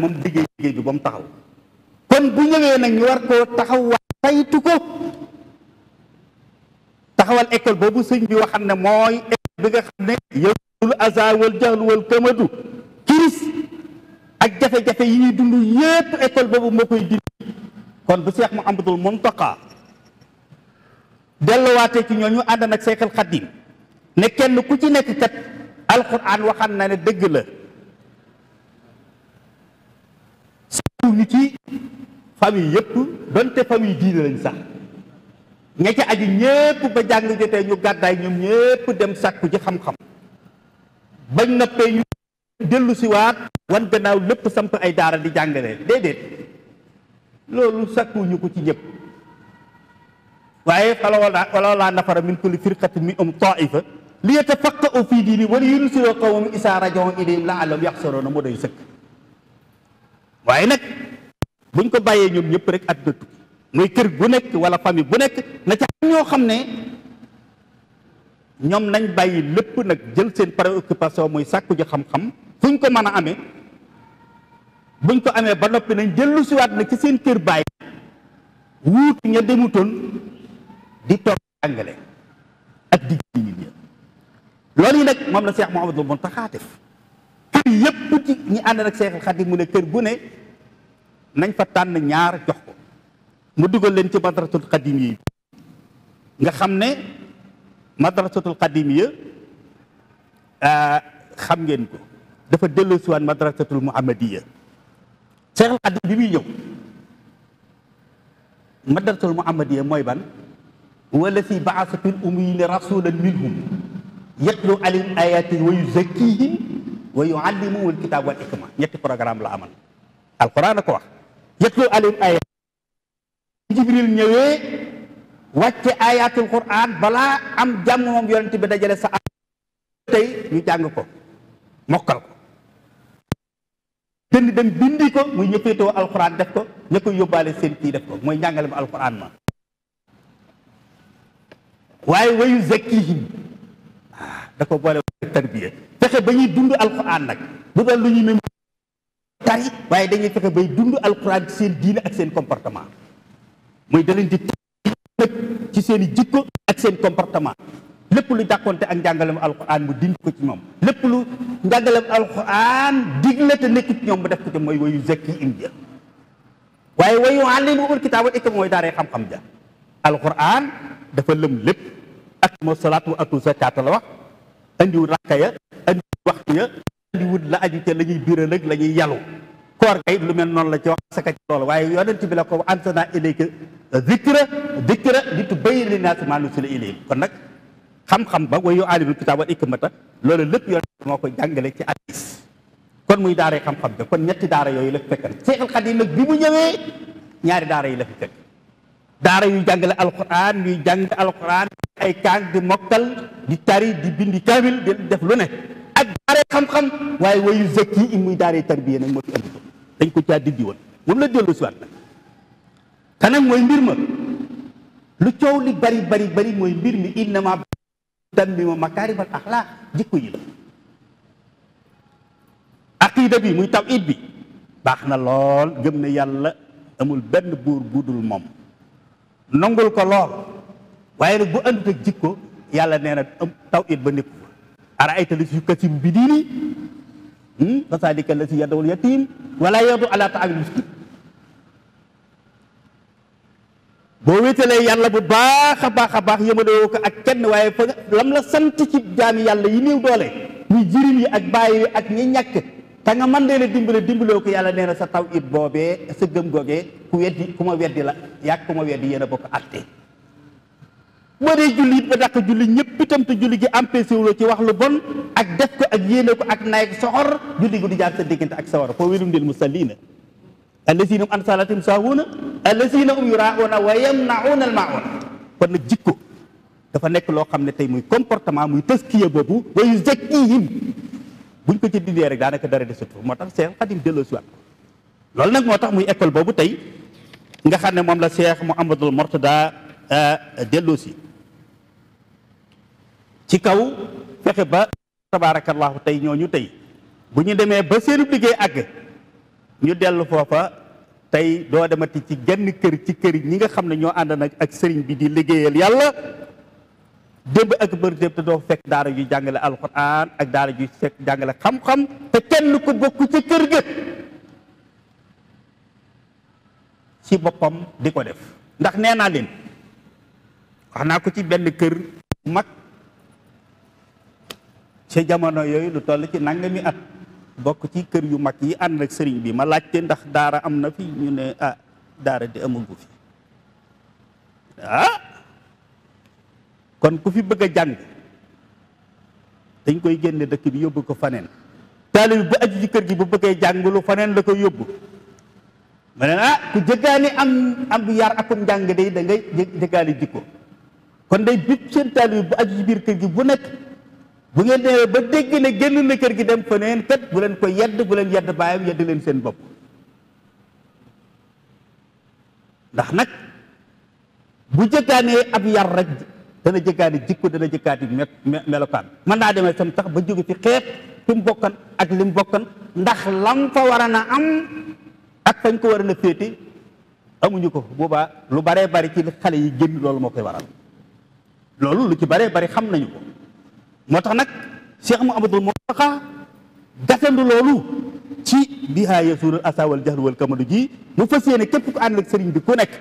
moom liggéey liggéey bi ba mu taxaw kon bu ñëwee nag ñu war koo taxawal saytu ko taxawal école boobu sëñ bi waxam ne mooy école bi nga xam ne yowul azar wal jaxlu wal kiris ak jafe-jafe yi ñuy dund yépp école boobu moo koy dindi kon bu Seex Muhammadul Muntaqa delluwaatee ci ñooñu ànd nag Seexal Xadiim ne kenn ku ci nekk kat alxuraan waxam na ne dëgg la famille yépp donte famille diine lañ sax ña ca aji ñépp ba jàng jotee ñu gàddaay ñoom ñépp dem sàkku ji xam-xam bañ noppee ñu dellu si wan gannaaw lépp samp ay daara di jàngale déedéet loolu sàkkuñu ko ci ñëpp waaye falawla laa nafara min kulli firqatin minhum taifa li yatafaqqahu fii diini wa li yunziru qawmahum izaa raja'uu ilayhim la'allahum yaxsaruun moo doy sëkk waaye nag buñ ko bàyyee ñoom ñëpp rek àdduna tukki muy kër gu nekk wala famille bu nekk na ca ñoo xam ne ñoom nañ bàyyi lépp nag jël seen préoccupation muy sàkku ji xam-xam fuñ ko mën a amee buñ ko amee ba noppi nañ dellu siwaat nag ci seen kër bàyyi wuutu ña demutoon di toog jàngale ak di nit ñi loolu yi nag moom la Cheikh Mouhamadou Mountakha def kër yëpp ci ñi ànd nag Cheikh Khadim mu ne kër gu ne nañ fa tànn ñaar jox ko mu dugal leen ci madrasatul xadim nga xam ne madrasatul xadim yi euh, xam ngeen ko dafa dellu siwaan madrasatul muhammadiya seexal xadim bi muy ñëw madrasatul muhammadiya mooy ban wala si baasa fil ummiyina rasulan minhum yatlu alayhim ayatin wa yuzakkihim wa yuallimuhum alkitab wal hikma ñetti programme la amal alquran a ko wax yatlu alim ayat jibril ñëwee wàcce ayatul quran balaa am jàmm moom yonent bi dajale sa tey ñu jàng ko mokkal ko dënn dem bindi ko muy ñëppéetoo alquran def ko ña koy yóbbaale seen kii def ko mooy njàngale ma alquran ma waaye wayu zakkihim ah, da ko boole tarbiya fexe ba ñuy dund alquran nag bu doon lu ñuy tari waaye dañuy fexe bay dund alxuraan ci seen diine ak seen comportement mooy da leen ci seen i jikko ak seen comportement lépp lu jàkkoonte ak njàngalem alxuraan mu dind ko ci moom lépp lu njàngalem alxuraan digle te nekk ñoom mu def ko ci mooy wayu zakki im ja waaye wayu allimul kitaaba ikam mooy daaree xam-xam ja alxuraan dafa lëm lépp ak moo salaatu wa atu zakaata la wax andiw rakka ya andiw waxtu ya di wut la aju ca la ñuy biral ak la ñuy yalu koor kay lu mel noonu la ci wax saka ci loolu waaye yonent bi la ko anzalnaa ilayka zikra zikra litubayyina linnaasi maa nuzzila ilayhim kon nag xam-xam ba wa yu aalimul kitaab wal hikmata loolu lépp yonent moo ko jàngale ci hadiis kon muy daara xam-xam bi kon ñetti daara yooyu la fi fekkan Seexul Xadiim nag bi mu ñëwee ñaari daara yi la fi fekk daara yuy jàngale alquran yuy jàng ay kaang di mokkal di tari di bindi kaamil di def lu ne ak daaree xam-xam waaye wayu zëkk yi in muy daaree tarbiya nag moo fi dañ ko caa woon moom la dellu si waat nag te nag mooy mbir ma lu coow li bari bari bari mooy mbir mi innama tam mi ma makaarimal axlaaq jikko yi la aqida bi muy tawhid bi baax na lool gëm ne yàlla amul benn buur budul moom nangul ko lool waaye nag bu andut ak jikko yàlla nee na ba nekku أرأيت الذي يكذب بديني فذلك الذي يدعو اليتيم ولا يدعو على طعام المسكين boo wéetalee yàlla bu baax a baax a baax yëmadoo ko ak kenn waaye fa lam la sant ci jaami yàlla yi néew doole ñu jirim yi ak bàyyi ak ñi ñàkk te nga man leen a dimbale dimbaloo ko yàlla nee na sa taw it boobee sa gëm googee ku weddi ku ma weddi la yàgg ku ma weddi yéen a bokk àtte waree julli it ba dàq julli ñëpp itam te julli gi empêché wu la ci wax lu bon ak def ko ak yéene ko ak naay ak soxor julli gi du jaar sa diggante ak sawar foo wélum lil musallina allazina hum an salaatihim saahuuna allazina hum yuraauna wa yamnauna al mauna kon nag jikko dafa nekk loo xam ne tey muy comportement muy taskiya boobu wa yuzakkihim buñ ko ci dindee rek daanaka dara de desut moo tax Seex Xadim delloo si waat loolu nag moo tax muy école boobu tey nga xam ne moom la Seex Muhammadul Mortada euh, delloo si ci kaw fexe ba tabaarakallahu tey ñu tey bu ñu demee ba seenub liggéey àgg ñu dellu foofa tey doo demati ci genn kër ci kër ñi nga xam ne ñoo àndana ak sëriñ bi di liggéeyal yàlla démb ak bër démb te doo fekk daara ju jàngale alxuraan ak daara ju fekk jàngale xam-xam te kenn ko bokk ci kër ga ci boppam di ko def ndax nee naa leen wax naa ko ci benn kër mag ca jamono yooyu lu toll ci mi at bokk ci kër yu mag yi ànd ak sëriñ bi ma laajte ndax daara am na fi ñu ne ah di amagu fi ah kon ku fi bëgg a jàng dañ koy génne dëkk bi yóbbu ko faneen taalib bu aju ci kër gi bu bëggee jàng lu faneen la koy yóbbu ma ne ah ku jëggaani am am yar akum njàng day da ngay jëggaani jikko kon day bépp seen taalib bu aju ci biir kër gi bu nekk bu ngeen demee ba dégg ne génn na kër gi dem feneen kat bu leen ko yedd bu leen yedd baayam yedd leen seen bopp ndax nag bu ne ab yar rek dana jëkkaani jikko dana jëkkaati melokaan man naa demee sam tax ba jóge fi xeet fi mu bokkan ak li mu bokkan ndax lam fa war a na am ak fañ ko wara na féete amuñu ko boobaa lu baree bari ci xale yi génn loolu moo koy waral loolu lu ci baree bari xam nañu ko moo tax nag Cheikh Mouhamadoul Mountakha gasandu loolu ci bihaa yasuural asaa wal jahl ji mu fas yéene képp ku ànd ak sëriñ bi ku nekk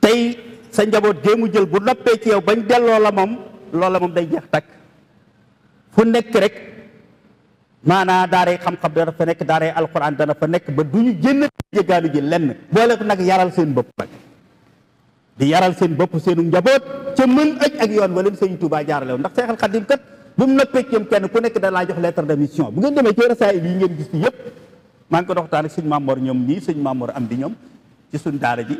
tey sa njaboot géemu jël bu noppee ci yow bañ delloo la moom loola moom day jeex takk fu nekk rek maanaa daaray xam-xam dana fa nekk daaray alquran dana fa nekk ba du ñu génn jéggaanu ji lenn boole ko nag yaral seen bopp di yaral seen bopp seenu njaboot ca mën aj ak yoon waleen sëñ Touba jaarale woon ndax Seexal Xadim kat bu mu noppee ñoom kenn ku nekk da laa jox lettre de mission bu ngeen demee ci rasaay yi ngeen gis ni yëpp maa ñoom nii sëñ Mamor am di ñoom ci suñ daara ji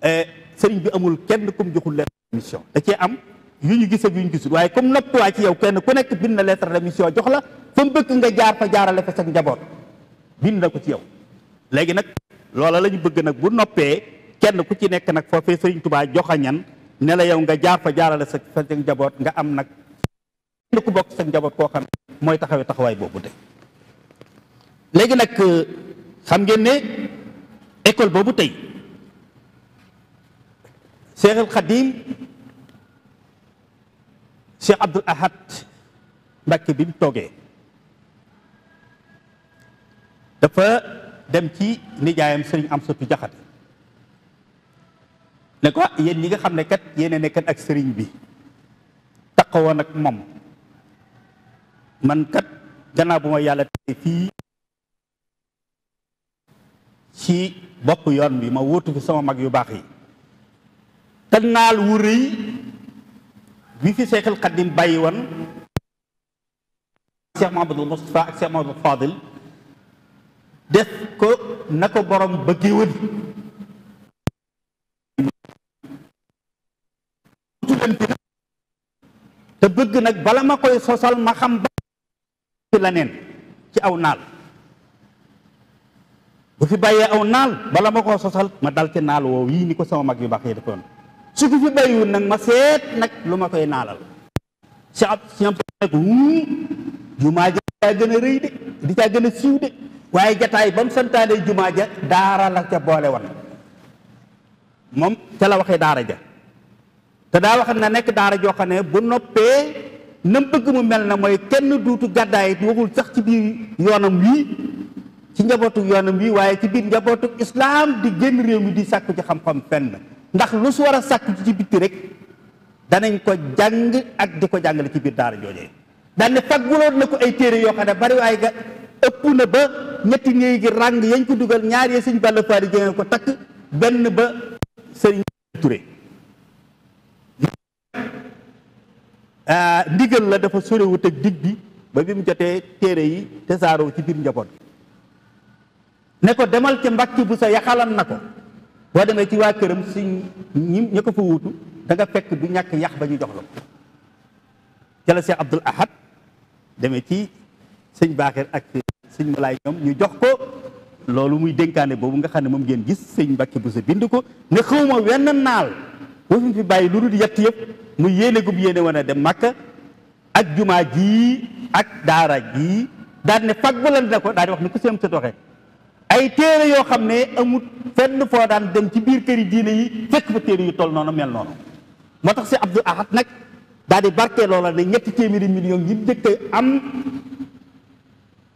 eh, sëriñ bi amul kenn ku joxul lettre de mission da cee am yu ñu gis ak yu ñu gisul waaye comme noppuwaa ci yow kenn ku nekk bind na lettre de mission jox la fa mu bëgg nga jaar fa jaarale fa sa njaboot bind na ko ci yow léegi nag loola lañu bëgg nag bu noppee kenn ku ci nekk nag foofee sëriñ tubaa joxañan ne la yow nga jaar fa jaarale sa sa njaboot nga am nag kenn ku bokk sa njaboot koo xam ne mooy taxawee taxawaay boobu de léegi nag euh, xam ngeen ne école boobu tey Cheikh al Khadim Cheikh Abdoul Ahad Mbacke bi mu toogee dafa dem ci nijaayam sëriñ Amsatu Jaxate ne ko ah, yéen yi nga xam ne kat yéen nekkat ak sëriñ bi woon ak moom man kat gannaaw bu ma yàlla tey fii ci bopp yoon bi ma wóotu fi sama mag yu baax yi te naal wu rëy bi fi Seexul Xadiim bàyyi woon Cheikh Mahamadul Moustapha ak Cheikh Mahamadul Fadil def ko na ko borom bëggee woon te bëgg nag bala ma koy sosal ma xam ba ci la neen ci aw naal bu fi bàyyee aw naal bala ma koo sosal ma dal ci naal woow yii ni ko sama mag yu baax yi defoon su ko fi nag lu ma koy naalal si ab si ab jumaa ja gën a rëy waaye jataay ba mu santaane jumaa ja daara la ca boole woon moom ca la waxee daara ja te daa wax na nekk daara joo xam ne bu noppee na bëgg mu mel na mooy kenn duutu gàddaay waxul sax ci biir yoonam wii ci njabootu yoonam wii waaye ci biir njabootu islaam di génn réew mi di sàkku ci xam-xam fenn ndax lu su war a sàkku ci bitti rek danañ ko jàng ak di ko jàngale ci biir daara joojee daan ne fagguloon na ko ay téere yoo xam ne bari waaye ga ëpp na ba ñetti néeg gi ràng yañ ko dugal ñaar yee sëñ Balla Faari jënge ko takk benn ba sëriñ Touré Euh, ndigal la dafa sorewut ak dig bi ba bi mu jotee téere yi tesaaroo ci biir njaboot ne ko demal ca mbàkki bu sa yaxalan na ko boo demee ci waa këram suñ ñi ña ko fa wuutu danga nga fekk du ñàkk yax ba ñu jox la ko ca la Ahad demee ci sëñ Baakir ak sëñ Malaay ñoom ñu jox ko loolu muy dénkaane boobu nga xam ne moom ngeen gis sëñ mbàkki bu sa bind ko ne xawma wenn naal wafuñ fi bàyyi lu dul yett yëpp mu yéene gub yéene woon dem màkka ak jumaa ji ak daara jii daan ne fagbalal na ko daal di wax ni ku seen sët waxee ay téere yoo xam ne amut fenn foo daan dem ci biir këri diine yi fekk fa téere yu toll noonu mel noonu moo tax si Abdou Ahad nag daal di barkee loola ne ñetti téeméeri million yi dëkk am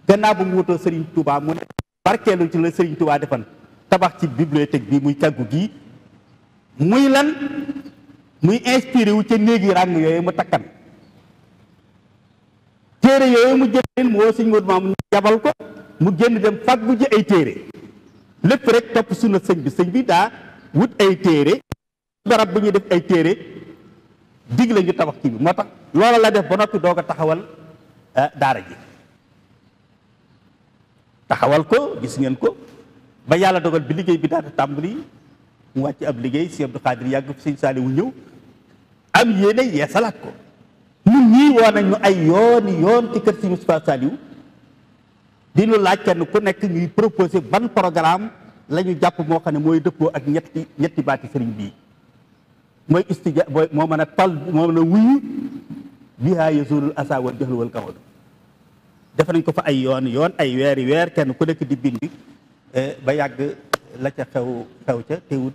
gannaaw bu mu wutoo Serigne Touba mu ne barkeelu ci la sëriñ Touba defan tabax ci bibliothèque bi muy kàggu gi muy lan muy inspiré wu ca néegi ràng yooyu ma takkan téere yooyu mu jëlin mu woo sëñ Moodu jabal ko mu génn dem bu ji ay téere lépp rek topp sunna sëñ bi sëñ bi daa wut ay téere barab bu ñuy def ay téere dig la tabax ci bi moo tax loola la def ba noppi doog a taxawal eh, daara ji taxawal ko gis ngeen ko ba yàlla dogal bi liggéey bi daal di tàmbali mu wàcc ab liggéey sëñ Abdou Khadir yàgg sëñ Saaliwu ñëw am yéene yee ko ñun ñii woo nañu ay yoon yoon ci kër sëñ Moustapha Saaliwu di lu laaj kenn ku nekk ñuy proposé ban programme la jàpp moo xam ne mooy dëppoo ak ñetti ñetti baati sëriñ bii mooy istija moo mën a tal moo mën a wuyu bihaa yazulul asa wal jahl wal def nañ ko fa ay yoon yoon ay weeri weer kenn ku nekk di bind eh, ba yàgg la ca xew xew ca teewut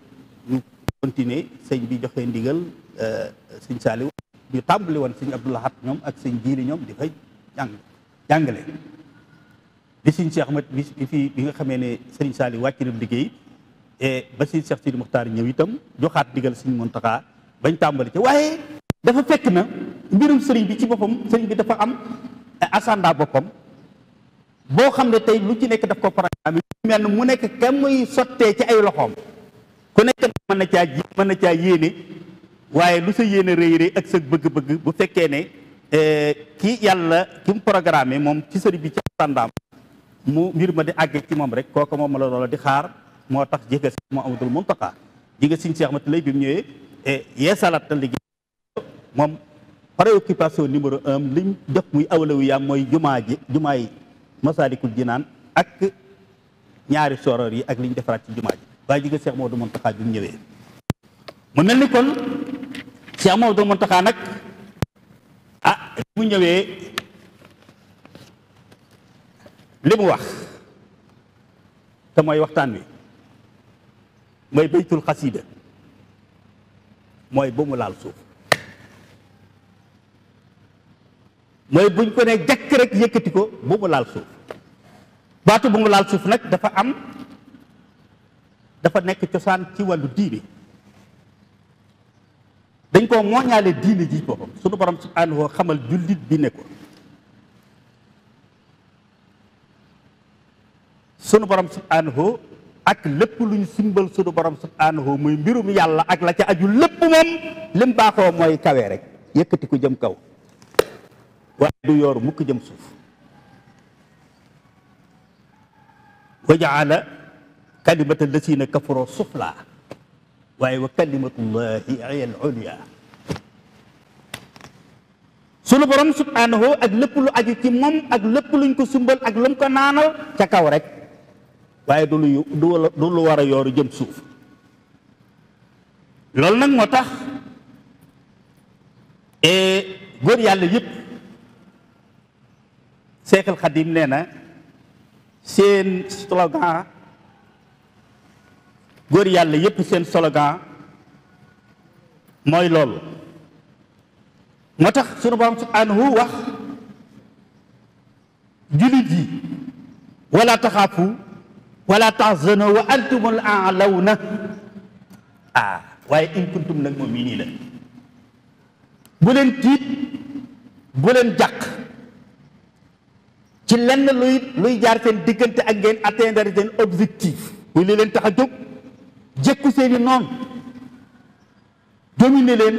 ñu continuer sëñ bi joxe ndigal euh, sëñ Saaliw ñu tàmbali woon sëñ Abdou ñoom ak sëñ Jiili ñoom di fay jàng jàngale bi siñ Cheikh Ahmad bi fi bi nga xamee ne sëñ Saaliw wàcc na liggéey et ba sëñ Cheikh Sidi Muxtaar ñëw itam joxaat ndigal sëñ Muntaxa bañ tàmbali ca waaye dafa fekk na mbirum sëriñ bi ci boppam sëriñ bi dafa am e, asanda boppam boo xam ne tey lu ci nekk daf ko programme yi mel mu nekk kenn muy sottee ci ay loxoom ku nekk mën na caa ji mën na caa yéene waaye lu sa yéene rëy rëy ak sa bëgg-bëgg bu fekkee ne eh, ki yàlla ki mu programme moom ci sa bi ci tàndaam mu mbir ma di àgge ci moom rek kooku moom la loola di xaar moo tax jéga si moo amatul Muntaqa jéga siñ Seex Mat Lay bi mu ñëwee eh, yeesalaat na liggéey moom préoccupation numéro un liñ def muy awlawiyaam mooy jumaa ji jumaa yi Masaalikul Jinaan ak ñaari soror yi ak li ñu defaraat ci jumaa ji waaye ji nga Cheikh Maodo Mountakha bi mu ñëwee mu mel ni kon Cheikh Maodo Mountakha nag ah li mu ñëwee li mu wax te mooy waxtaan wi mooy baytul xasida mooy ba mu laal suuf mooy buñ ko ne jàkk rek yëkkati ko bu mu laal suuf baatu bu mu laal suuf nag dafa am dafa nekk cosaan ci wàllu diine dañ koo mooñaale diine ji boppam sunu borom subhaanahu xamal jullit bi ne ko sunu borom subhaanahu ak lépp luñ simbal sunu borom subhaanahu muy mbirum yàlla ak la ca aju lépp moom lim baaxoo mooy kawee rek yëkkati ko jëm kaw waaye du yoor mukk jëm suuf wa jaala kalimata lasina kafaroo sufla waaye wa kalimatullahi hiya al-ulya sunu borom subhaanahu ak lépp lu aju ci moom ak lépp luñ ko sumbal ak lu mu ko naanal ca kaw rek waaye du lu du lu war a yooru jëm suuf loolu nag moo tax eh, góor yàlla yëpp Seexul Xadim nee na seen slogan góor yàlla yépp seen slogan mooy loolu moo tax sunu borom subhaanahu wax jullit yi wala taxaafu wala tahzanu wa antumul a'lawna ah waaye in kuntum nag moom mii nii la bu leen tiit bu leen jàq ci lenn luy luy jaar seen diggante ak ngeen atteindre seen objectif muy li leen tax jóg jëkku seeni noonu dominer leen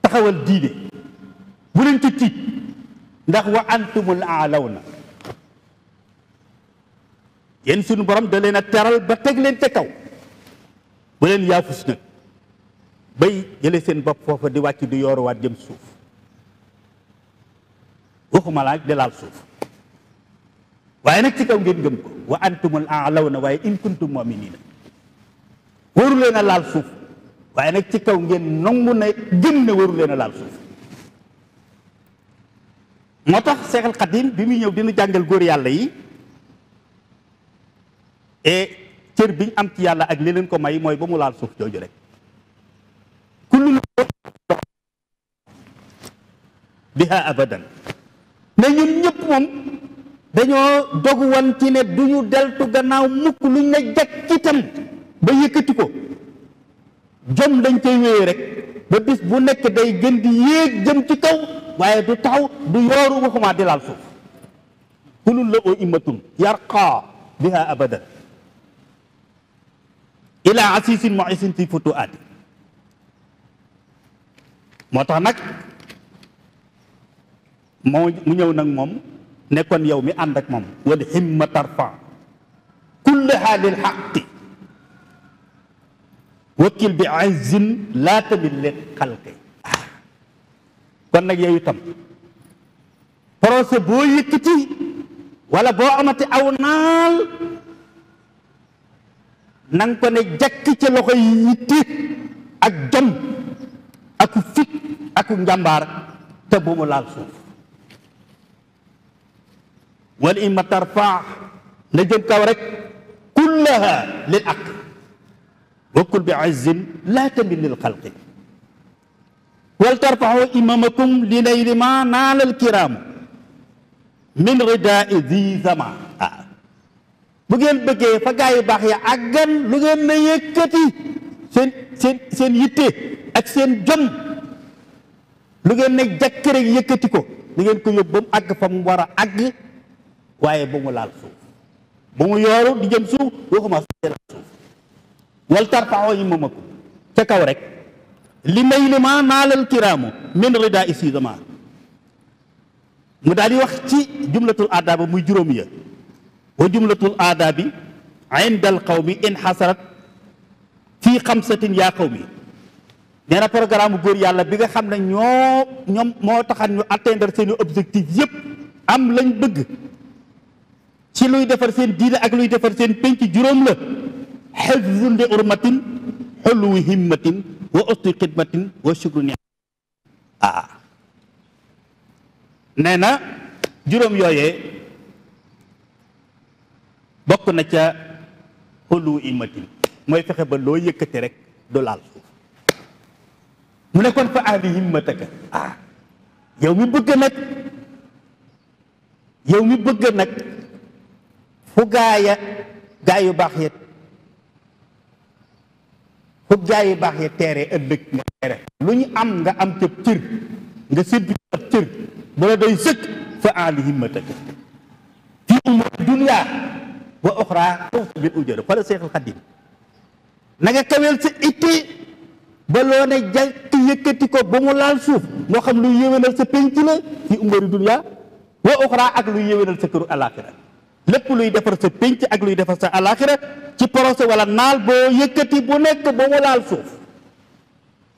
taxawal diine bu leen ci tiit ndax wa antumul na yéen suñu borom da leen a teral ba teg leen ca kaw bu leen yaafus nag bay jële seen bopp foofa di wàcc di yooruwaat jëm suuf waxuma laaj de laal suuf waaye nag ci kaw ngeen gëm ko wa antumul a'lawna waaye in kuntum mu'minina waru leen a laal suuf waaye nag ci kaw ngeen nangu ne gëm ne waru leen a laal suuf moo tax Seexal Xadim bi muy ñëw dina jàngal góor yàlla yi e cër biñ am ci yàlla ak li leen ko may mooy ba mu laal suuf jooju rek kullu biha abadan ne ñun ñëpp moom dañoo dogu woon ci ne du ñu deltu gannaaw mukk luñ ne jakk itam ba yëkkati ko jom dañ koy wéyee rek ba bis bu nekk day gën di yéeg jëm ci kaw waaye du taxaw du yooru waxumaa di laal suuf kulul la oo immatun yarqa biha abadan ila asisin moisin fi futu addi moo tax nag moo mu ñëw nag moom nekkoon yow mi ànd ak moom wal himma tarfa kullaha lil xaqi wakkil bi azin laa tamit li xalqi kon nag yow itam projet boo yëkkati wala boo amati aw naal na nga ko ne jàkk ci loxo yi ak jom aku fit aku njàmbaar te bu laal suuf wal imma tarfa na jëm kaw rek kullaha lil aq wakul bi azin laa tamil lil xalqi wal tarfaxu imamakum li nayli ma naalal kiraamu min ridaai zi zama ah bu ngeen bëggee fa gaa yi baax ya àggan lu ngeen na yëkkati seen seen seen yitte ak seen jom lu ngeen ne jàkk rek yëkkati ko lu ngeen ko yóbbu ba mu àgg fa mu war a àgg waaye bu mu laal suuf bu mu yooru di jëm suuf waxuma suuf wal tarfaxoo yi ma ca kaw rek li may li ma naalal kiraamu min rida isi dama mu daal di wax ci jumlatul aadaabi muy juróom ya wa jumlatul aadaabi inda al qawmi inxasarat fii xamsatin yaa qawmi nee na programme yàlla bi nga xam na ñoo ñoom moo taxan ñu atteindre seeni objectif yépp am lañ bëgg ci luy defar seen diine ak luy defar seen penc juróom la xifzun li urmatin xulwi himmatin wa usni xidmatin wa shukru ni ah nee na juróom yooyee bokk na ca xulwi himmatin mooy fexe ba loo yëkkati rek du laal suuf mu ne kon fa ahli himmataka ah yow mi bëgg nag yow mi bëgg nag fu gaaya gaay yu baax ya fu gaay yu baax ya teere ëllëg nga teere lu ñu am nga am ca cër nga séddu ab cër bu la doy sëkk fa aali himmataka fii umuri dunya wa oxra bil ujara fala seexal xadim na nga kaweel sa itti ba loo ne jàkk yëkkati ko ba mu laal suuf moo xam luy yéwénal sa penc la fii umuri dunya wa oxra ak luy yéwénal sa këru alaaxira lépp luy defar sa pénc ak luy defar sa alaxira ci procès wala naal boo yëkkati bu nekk ba mu laal suuf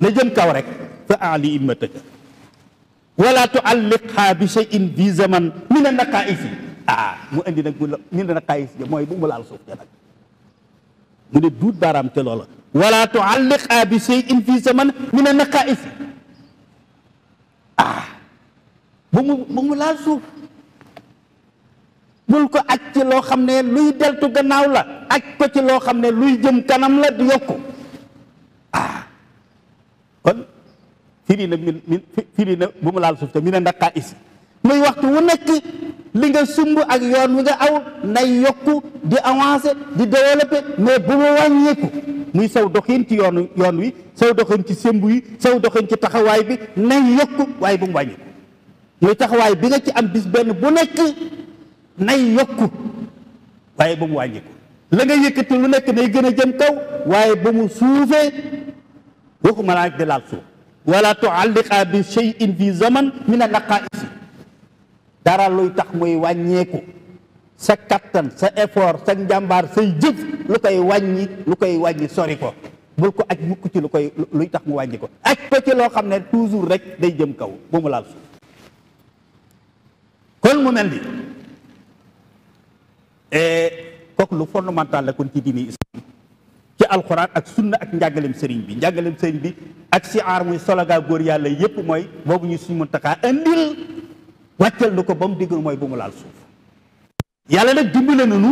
la jëm kaw rek fa aali immataka wala tualliqha bi shay'in bi ah, mu indi nag mu naqaisi mooy bu mu laal suuf ja nag mu ne duut baaraam te wala tualliqha bi shay'in ah, mu bu mu laal suuf bul ko ak ci loo xam ne luy deltu gannaaw la ak ko ci loo xam ne luy jëm kanam la di yokku ah kon firi na min firi na bu mu laal suuf te mi ne ndaqaa is muy waxtu wu nekk li nga sumb ak yoon wi nga aw nay yokku di avancer di développer mais bu mu wàññeeku muy saw doxin ci yoon yoon wi saw doxin ci sëmb yi saw doxin ci taxawaay bi nay yokku waaye bu mu wàññeeku muy taxawaay bi nga ci am bis benn bu nekk nay yokk waaye ba mu wàññiku la nga yëkkati lu nekk day gën a jëm kaw waaye ba mu suufee waxuma laa di laal suuf wala tualliqa bi shay'in fi zaman min a naqaisi dara tax muy wàññeeku sa kattan sa effort sa njàmbaar say jëf lu koy wàññi lu koy wàññi sori ko bul ko aj mukk ci lu koy luy tax mu wàññi ko aj ko ci loo xam ne toujours rek day jëm kaw ba mu laal suuf kon mu mel ni E, kooku lu fondamental la kon ci diini islam ci alxuraan ak sunna ak njàngaleem sëriñ bi njàngaleem sëriñ bi ak si aar muy sologa góor yàlla yépp mooy boobu ñu suñ Muntaxaa andil wàccal nu ko ba mu digal mooy bu mu laal suuf yàlla nag dimbale nanu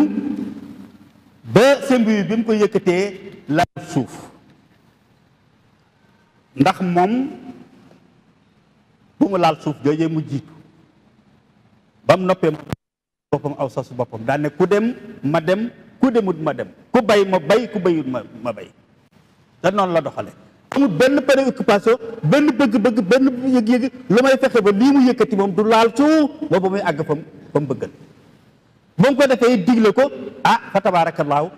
ba sembi bi mu ko yëkkatee laal suuf ndax moom bu mu laal suuf joojee mu jiitu ba mu noppee boppam aw sasu boppam daan ne ku dem ma dem ku demut ma dem ku bay ma bay ku bayut ma ma bay te noonu la doxale amul benn préoccupation benn bëgg-bëgg benn yëg-yëg lu may fexe ba lii mu yëkkati moom du laal suuf ba ba àgg fam fa mu bëggal ba mu ko defee ko ah fa tabaarakallaahu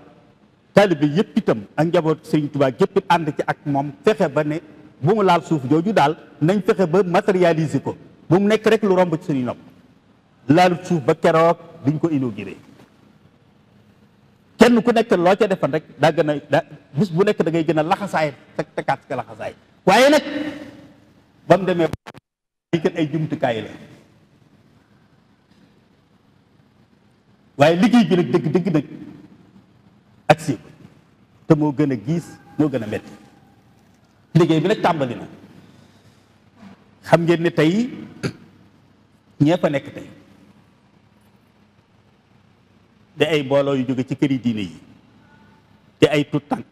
taalibe yëpp itam njaboot Sëriñ Tuubaa yëpp ànd ci ak moom fexe ba ne bu mu laal suuf jooju daal nañ fexe ba matérialiser ko bu mu nekk rek lu romb ci suñu nopp laalut fuuf ba keroog biñ ko inauguré kenn ku nekk loo ca defan rek daa gën a da bis bu nekk dangay gën a laxasaay te tekaat ka laxasaay waaye nag ba mu demee ay kat ay jumtukaay la waaye liggéey bi nag dëgg dëgg nag te moo gën a giis moo gën a metti liggéey bi nag tàmbali na xam ngeen ni tey ñee fa nekk tey di ay booloo yu jóge ci këri diine yi di ay tut tànk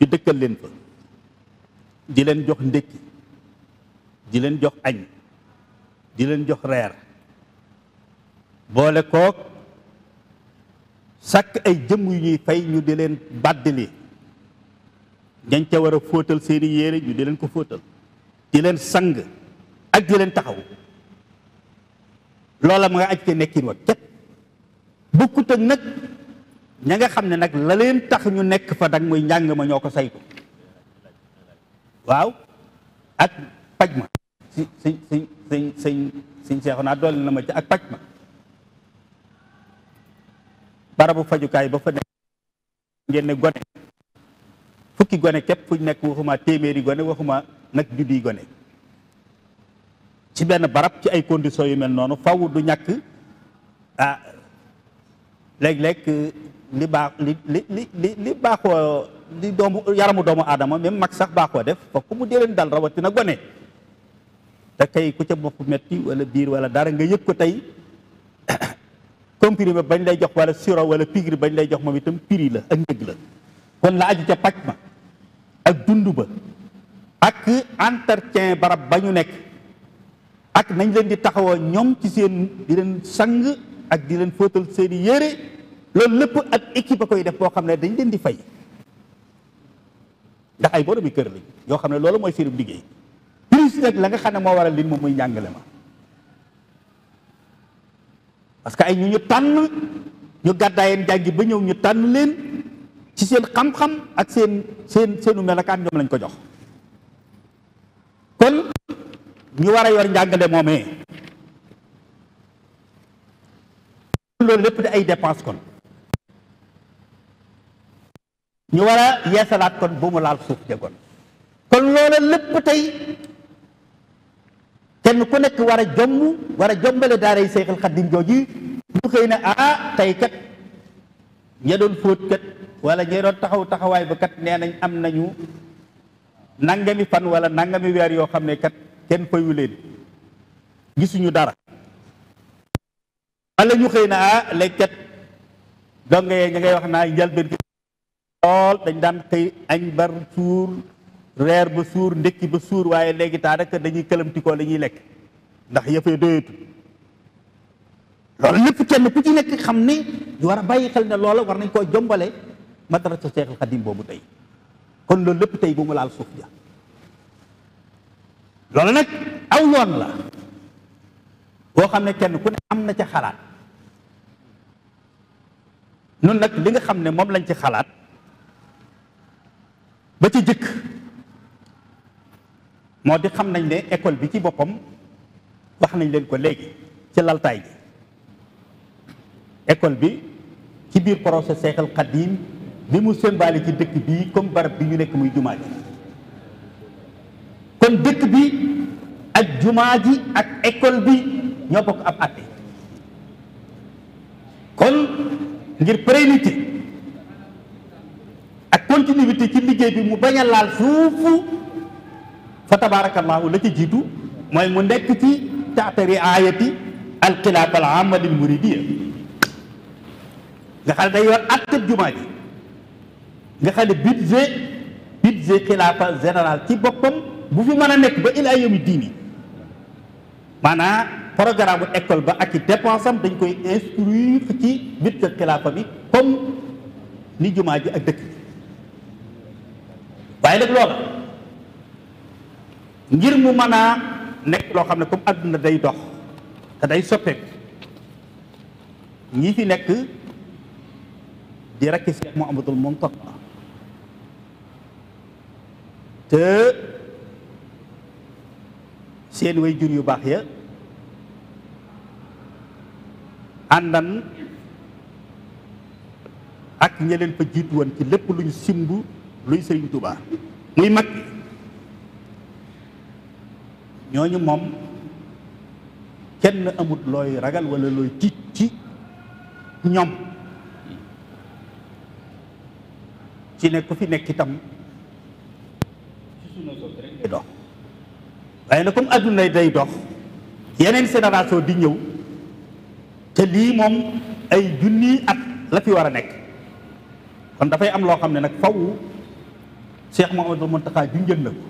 ñu dëkkal leen fa di leen jox ndékki di leen jox añ di leen jox reer boole kook sàkk ay jëm yu ñuy fay ñu di leen bàdd li ñañ ca war a fóotal seeni yére ñu di leen ko fóotal di leen sang ak di leen taxaw loola ma nga aj ke nekkin wa képp bokkut ak nag ña nga xam ne nag la tax ñu nekk fa nag mooy njàng ma ñoo ko saytu waaw ak paj ma si sëñ sëñ sëñ sëñ sëñ seexu naa dool na ma ci ak paj ma barabu fajukaay ba fa nekk ngeen ne gone fukki gone képp fuñ nekk waxuma téeméeri gone waxuma nag juddi gone ci benn barab ci ay conditions yu mel noonu faw du ñàkk ah, léegi léeg euh, li baax li li li li baaxoo li doomu yaramu doomu aadama même mag sax baaxoo def fokk mu dee leen dal rawatina gone te kay ku ca bopp metti wala biir wala dara nga yëg ko tey comprimé bañ lay jox wala siro wala pigri bañ lay jox moom itam prix la ak njëg la kon la aju ca paj ma ak dund ba ak entretien barab ba ñu nekk ak nañ leen di taxawoo ñoom ci seen di leen sang ak di leen fóotal seeni yére loolu lépp ak équipe koy def boo xam ne dañ leen di fay ndax ay boromi kër lañ yoo xam ne loolu mooy seenub liggéey plus nag la nga xam ne moo waral lin moom muy njàngale ma parce que ay ñu ñu tànn ñu gàddaayeen jàngi ba ñëw ñu tànn leen ci seen xam-xam ak seen seen seenu melakaan ñoom lañ ko jox kon ñu war a yor njàngale moomee loolu lépp di ay dépense kon ñu war a yeesalaat kon bu mu laal suuf jegoon kon loola lépp tey kenn ku nekk war a jomm war a jombale daaray Seexul Xaddim jooji ñu xëy ne ah tey kat ña doon fóot wala ña doon taxaw taxawaay ba kat nee nañ am nañu nangami fan wala nangami weer yoo xam ne kat kenn fayu leen gisuñu dara wala ñu xëy na ah léegi kat dong ña ngay wax naa njëlbeen gi lool dañ daan xëy añ bar suur reer ba suur ndekki ba suur waaye léegi taa rek dañuy këlamtikoo lañuy lekk ndax yëfee doyatu loolu lépp kenn ku ci nekk xam ni ñu war a bàyyi xel ne loola war nañ koo jombale madrasa Seexul Xadim boobu tey kon loolu lépp tey bu mu laal suuf ja loolu nag aw yoon la boo xam ne kenn ku ne am na ca xalaat noonu nag li nga xam ne moom lañ ci xalaat ba ci jëkk moo di xam nañ ne école bi ci boppam wax nañ leen ko léegi ci laltaay bi école bi ci biir projet Seexal Xadiim bi mu sëmbaale ci dëkk bi comme barab bi ñu nekk muy jumaa ji kon dëkk bi ak jumaa ji ak école bi ñoo bokk ab àtte kon ngir pérennité ak continuité ci liggéey bi mu bañ a laal suufu fa tabaarakallaahu la ci jiitu mooy mu nekk ci taata riayati alxilaafa al aama lil muridiya nga xam ne day yor àtteb jumaa ji nga xam ne budget budget xilaafa général ci boppam bu fi mën a nekk ba ilaa yomi diini maanaa programme bu école ba ak i dépense am dañ koy instruire ci biir kër xilaafa bi comme ni jumaa ji ak dëkk waaye nag loola ngir mu mën a nekk loo xam ne comme àdduna day dox te day soppeeku ñii fi nekk di rakki Cheikh Mouhamadoul Mountakha te seen way jur yu baax ya àndan ak ña leen fa jiitu ci lépp luñ simb luy sëriñ Touba muy mag ñooñu moom kenn amut looy ragal wala looy tiit ci ñoom ci ne ku fi nekk itam ci sunu bopp rek day dox day dox yeneen génération di ñëw te lii moom ay junni at la fi war a nekk kon dafay am loo xam ne nag faw Cheikh Mouhamadou Mountakha junjën na ko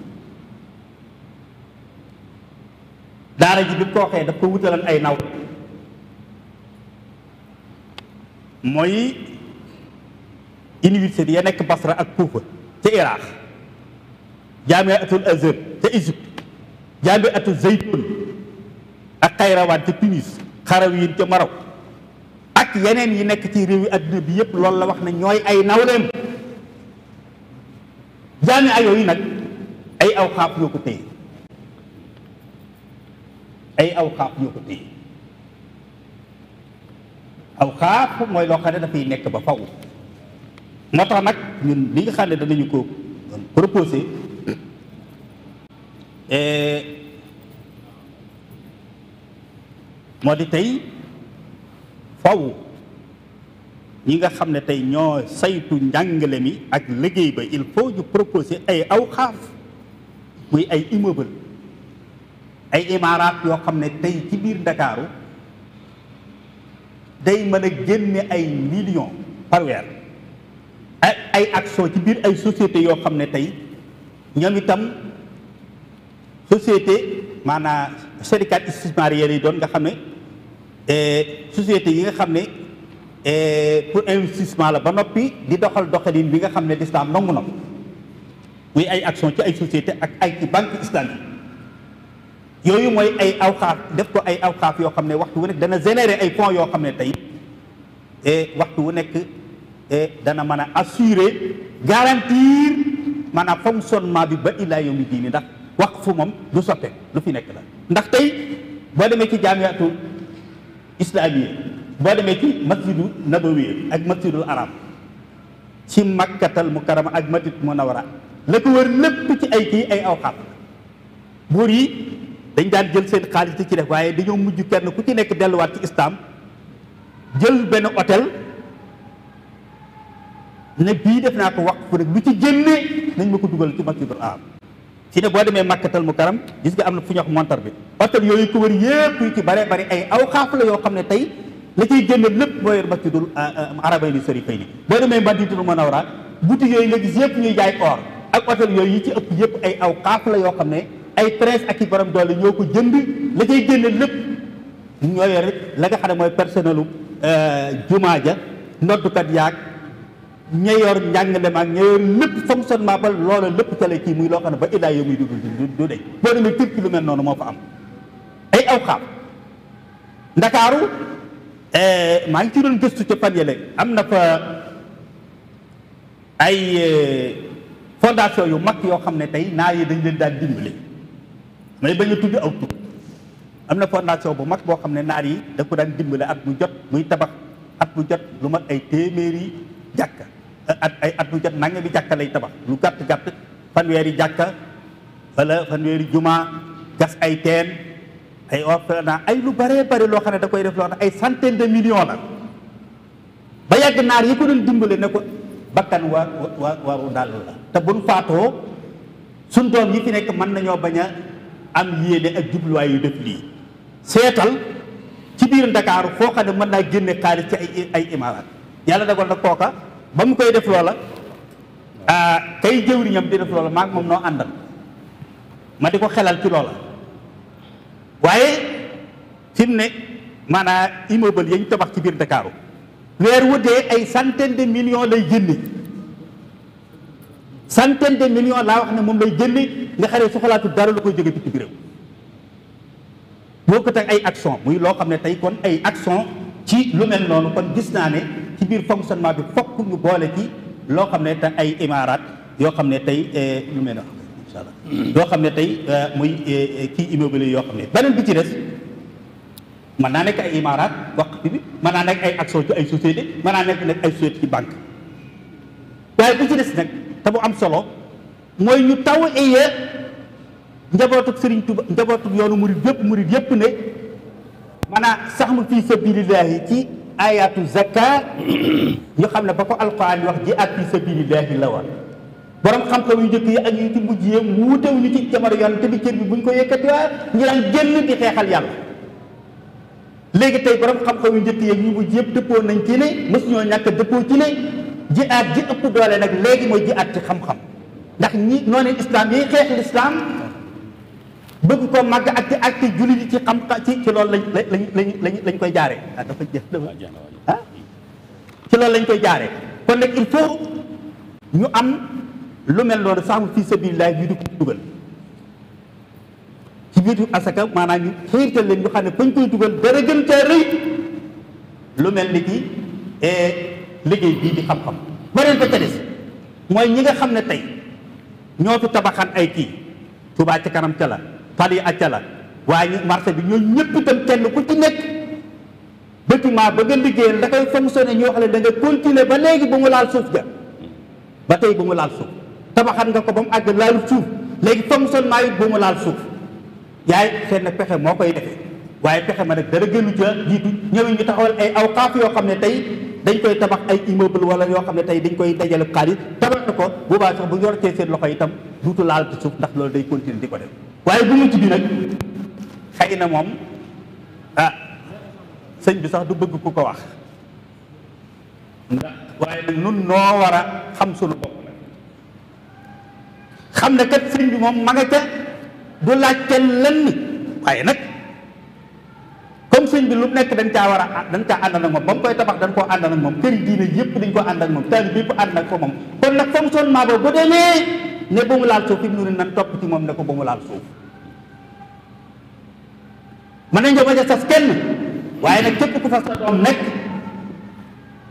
daara ji bi ko waxee daf ko wutalan ay naw mooy université ya nekk Basra ak Kuufa ca Iraq jaamiatul Azhar ca Égypte jaamiatul Zeytun ak Xayrawaan ca Tunis xaraw yi ca Maroc ak yeneen yi nekk ci réew yi adduna bi yépp loolu la wax ne ñooy ay nawleem jaami ay yooyu nag ay aw xaaf ñoo ko téye ay aw xaaf ñoo ko téye aw xaaf mooy loo xam ne dafay nekk ba faw moo tax nag ñun li nga xam ne danañu ko proposé eh, moo di tey faw ñi nga xam ne tey ñoo saytu njàngale mi ak liggéey ba il faut ñu proposer ay awqaaf muy ay immeuble ay imaraat yoo xam ne tey ci biir ndakaaru day mën a génne ay millions par weer ay action ci biir ay société yoo xam ne tey ñoom itam société maanaam syndicat istismaar yi doon nga xam ne eh, société yi nga xam ne eh, pour investissement la ba noppi di doxal doxalin bi nga xam ne lislaam nangu na muy ay action ci ay société ak ay ci banque islamique yooyu mooy ay awxaaf def ko ay aw awxaaf yoo xam ne waxtu wu nekk dana générer ay fonds yoo xam ne tey eh, waxtu wu nekk dana mën a assurer garantir maanaam fonctionnement bi ba ilaa yow mi diini ndax wax fu moom du soppee lu fi nekk la ndax tey boo demee ci jaamiatu islaamiya boo demee ci masjidu nabawi ak masjidul arab ci makkatal mukarama ak matit munawara la ko wër lépp ci ay kii ay aw xar buur yi dañ daan jël seen xaalis di ci def waaye dañoo mujj kenn ku ci nekk delluwaat ci islaam jël benn hôtel ne bii def naa ko wax ko rek lu ci génnee nañ ma ko dugal ci masjidul arab ci ne boo demee màkkatal mu karam gis nga am na fu ñuy wax montar bi hôtel yooyu ko wër yëpp yu ci bare bari ay aw xaaf la yoo xam ne tey la ciy génne lépp mooy masjidul euh, euh, arabayni sharifayni boo demee madinatul munawwara boutique yooyu nga gis yëpp ñuy jaay or ak hôtel yooyu yi ci ëpp yëpp ay aw xaaf la yoo xam ne ay prince ak i borom doole ñoo ko jënd la cay génne lépp ñoo yor rek la nga xam ne mooy personnelu euh, jumaa ja noddukat yaag ña yor njàngaleem ak ña yor lépp fonctionnement ba loola lépp tale kii muy loo xam ne ba iddaa yow muy du du du deñ boo demee Turquie lu mel noonu moo fa am ay aw xaam ndakaaru eh, maa ngi ci doon gëstu ca fan yële am na fa ay eh, fondation yu mag yoo xam ne tey naar yi dañ leen daan dimbali may bañ a tudd aw tur am na fondation bu mag boo xam ne naar yi da ko daan dimbali at mu jot muy tabax at mu jot lu mat ay téeméeri jàkka at ay at mu jot nanga bi jàkka lay tabax lu gàtt-gàtt fanweeri jàkka wala fanweeri juma gas ay teen ay lu baree bari loo xam ne da koy def loo xam ne ay centaine de millions la ba yàgg naar yi ko doon dimbale ne ko bakkan waa waa la te buñ faatoo suñ doom yi fi nekk mën nañoo bañ a am yéene ak jubluwaay yu def lii seetal ci biir Ndakaaru foo xam ne mën naa génne xaalis ci ay ay imaaraat yàlla dagoon na kooka ba mu koy def loola kay ah, jëwriñam di def loola maag moom noo àndal ma di ko xelal ci loola waaye fi mu ne maanaam immeuble yañ tabax ci biir Ndakaaru weer wu dee ay centaine de millions lay génne centaine de millions laa wax ne moom lay génne nga xam ne su xalaatu dara la koy jóge ci biir boo ko teg ay action muy loo xam ne tey kon ay action ci lu mel noonu kon gis naa ne ci biir fonctionnement bi fokk ñu boole ci loo xam ne te ay imaaraat yoo xam ne tey eh, lu mel yoo xam ne tey eh, muy eh, kii immobilier yoo xam ne beneen bi ci des mën naa nekk ay imaaraat wax bi mën naa nekk ay action ci ay société mën naa nekk nag ay société ci banque waaye bi ci des te bu am solo mooy ñu taw iye njabootu Sëriñ Tuba njabootu yoonu murid yëpp murid yëpp ne maanaam sax mu fii sabilillahi ci ayaatu zakka ñu xam ne ba ko alquran wax ji ak fi sabilillahi la woon borom xam-xam yu njëkk yi ak yu ci mujj yi wuutewuñu ci jamono yonent bi cër bi ñu ko yëkkatiwaat ñu daan génn di xeexal yàlla léegi tey borom xam-xam yu njëkk yi ak yu mujj yëpp dëppoo nañ ci ne mosu ñoo ñàkk dëppoo ci ne ji aat ji ëpp doole nag léegi mooy ji at ci xam-xam ndax ñi noonu islam yi xeex l'islam bëgg ko màgg ak ci ak ci jullit yi ci xam ci ci loolu lañ lañ lañ koy jaaree ah dafa jëf dafa ah, ah lañ koy jaaree kon nag il faut ñu am lu mel noonu sax fi sabilillah ñu di ko dugal ci biir asaka maanaam ñu xiirtal koy dugal dara gën caa rëy lu mel ni ki eh, liggéey bii di xam-xam. beneen ba ca des mooy ñi nga xam ne tey ñoo fi tabaxan ay kii Tuubaa ci kanam ca la. tali acca la waaye ñu bi ñooñu ñëpp itam kenn ku ci nekk bâtiment ba nga liggéeyal da koy fonctionné ñoo xam ne da nga continuer ba léegi ba mu laal suuf ja ba tey ba mu laal suuf tabaxan nga ko ba mu àgg laal suuf léegi fonctionnement yi ba mu laal suuf yaay seen nag pexe moo koy defee waaye pexe ma nag dara gënu ca jiitu ñëw ñu taxawal ay awqaaf yoo xam ne tey dañ koy tabax ay immeuble wala yoo xam ne tey dañ koy dajale xaalis tabax ko boobaa sax bu ñu war a seen loxo itam duutu laal ci suuf loolu day continuer di ko waaye bu mujj bi nag xëy na moom ah sëñ bi sax du bëgg ku ko wax ndax waaye nag nun noo war a xam sunu bopp la xam ne kat sëñ bi moom ma nga ca du laajte lenn waaye nag comme sëñ bi lu nekk dañ caa war a dañ caa ànd ak moom ba mu koy tabax dañ koo ànd ak moom këri diine yëpp dañ koo ànd ak moom taal bi ànd ak ko moom kon nag fonctionnement boobu bu demee ne ba mu laal suuf fi mu ne nan topp ci moom ne ko ba mu laal suuf mën nañ bañ a sas kenn waaye nag képp ku fa sa doom nekk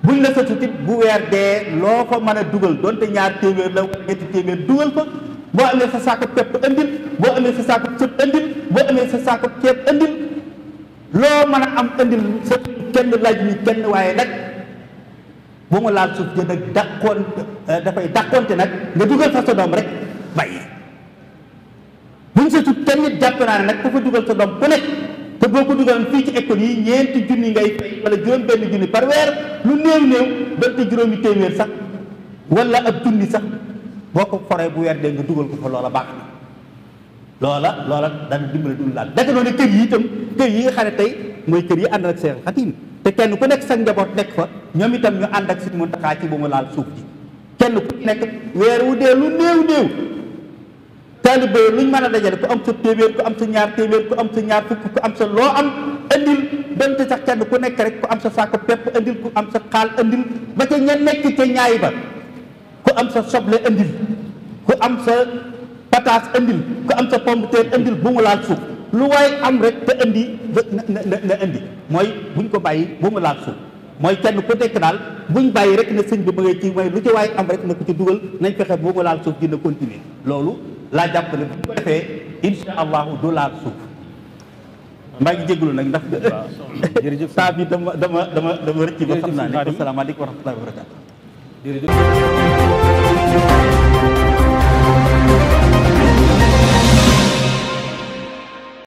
buñ la sa sutit bu weer dee loo ko mën a dugal donte ñaar téeméer la wala ñetti téeméer dugal ko boo amee sa saako pepp andil boo amee sa saako sut andil boo amee sa saako ceeb andil loo mën am andil sa kenn laaj ni kenn nag bu mu laal suuf jë euh, dafay dàqoonte nag nga dugal fa sa doom rek bàyyi buñ sa sut kenn nit jàpp naa ne nag ku dugal sa doom ku nekk te boo ko dugaloon fii ci école yi ñeenti junni ngay fay wala juróom benn junni par weer lu néew néew donte juróomi téeméer sax wala ak junni sax boo ko foree bu weer dee nga dugal ko fa loola baax na loola loola dana la dul laal daka ne kër yi itam kër yi nga tey mooy kër yi ànd ak seen xatim te kenn ku nekk sa njaboot nekk fa ñoom itam ñu ànd ak suñu muntaxaa ci bu mu laal suuf ji kenn ku nekk weer wu dee lu néew néew taalibe yi luñ man a dajale ku am sa téeméer ku am sa ñaar téeméer ku am sa ñaar fukk ku am sa loo am andil donte sax kenn ku nekk rek ku am sa saako pep andil ku am sa xaal andil ba ca ña nekk ca ba ku am sa soble andil am sa pataas andil ku am sa pomme de terre andil bu mu laal suuf lu waay am rek te andi na na andi mooy buñ ko bàyyi bu mu laal suuf mooy kenn ku nekk daal bu ñu bàyyi rek na sëñ bi ba ngay ci mooy lu ci waay am rek na ko ci dugal nañ fexe bu mu laal suuf dina continuer loolu laa jàpp ne bu ñu ko defee insha allahu du laal suuf maa ngi jégalu nag ndax. jërëjëf saa bi dama dama dama dama rëcc ba xam naa ne. asalaamaaleykum wa rahmatulah wa barakaatu.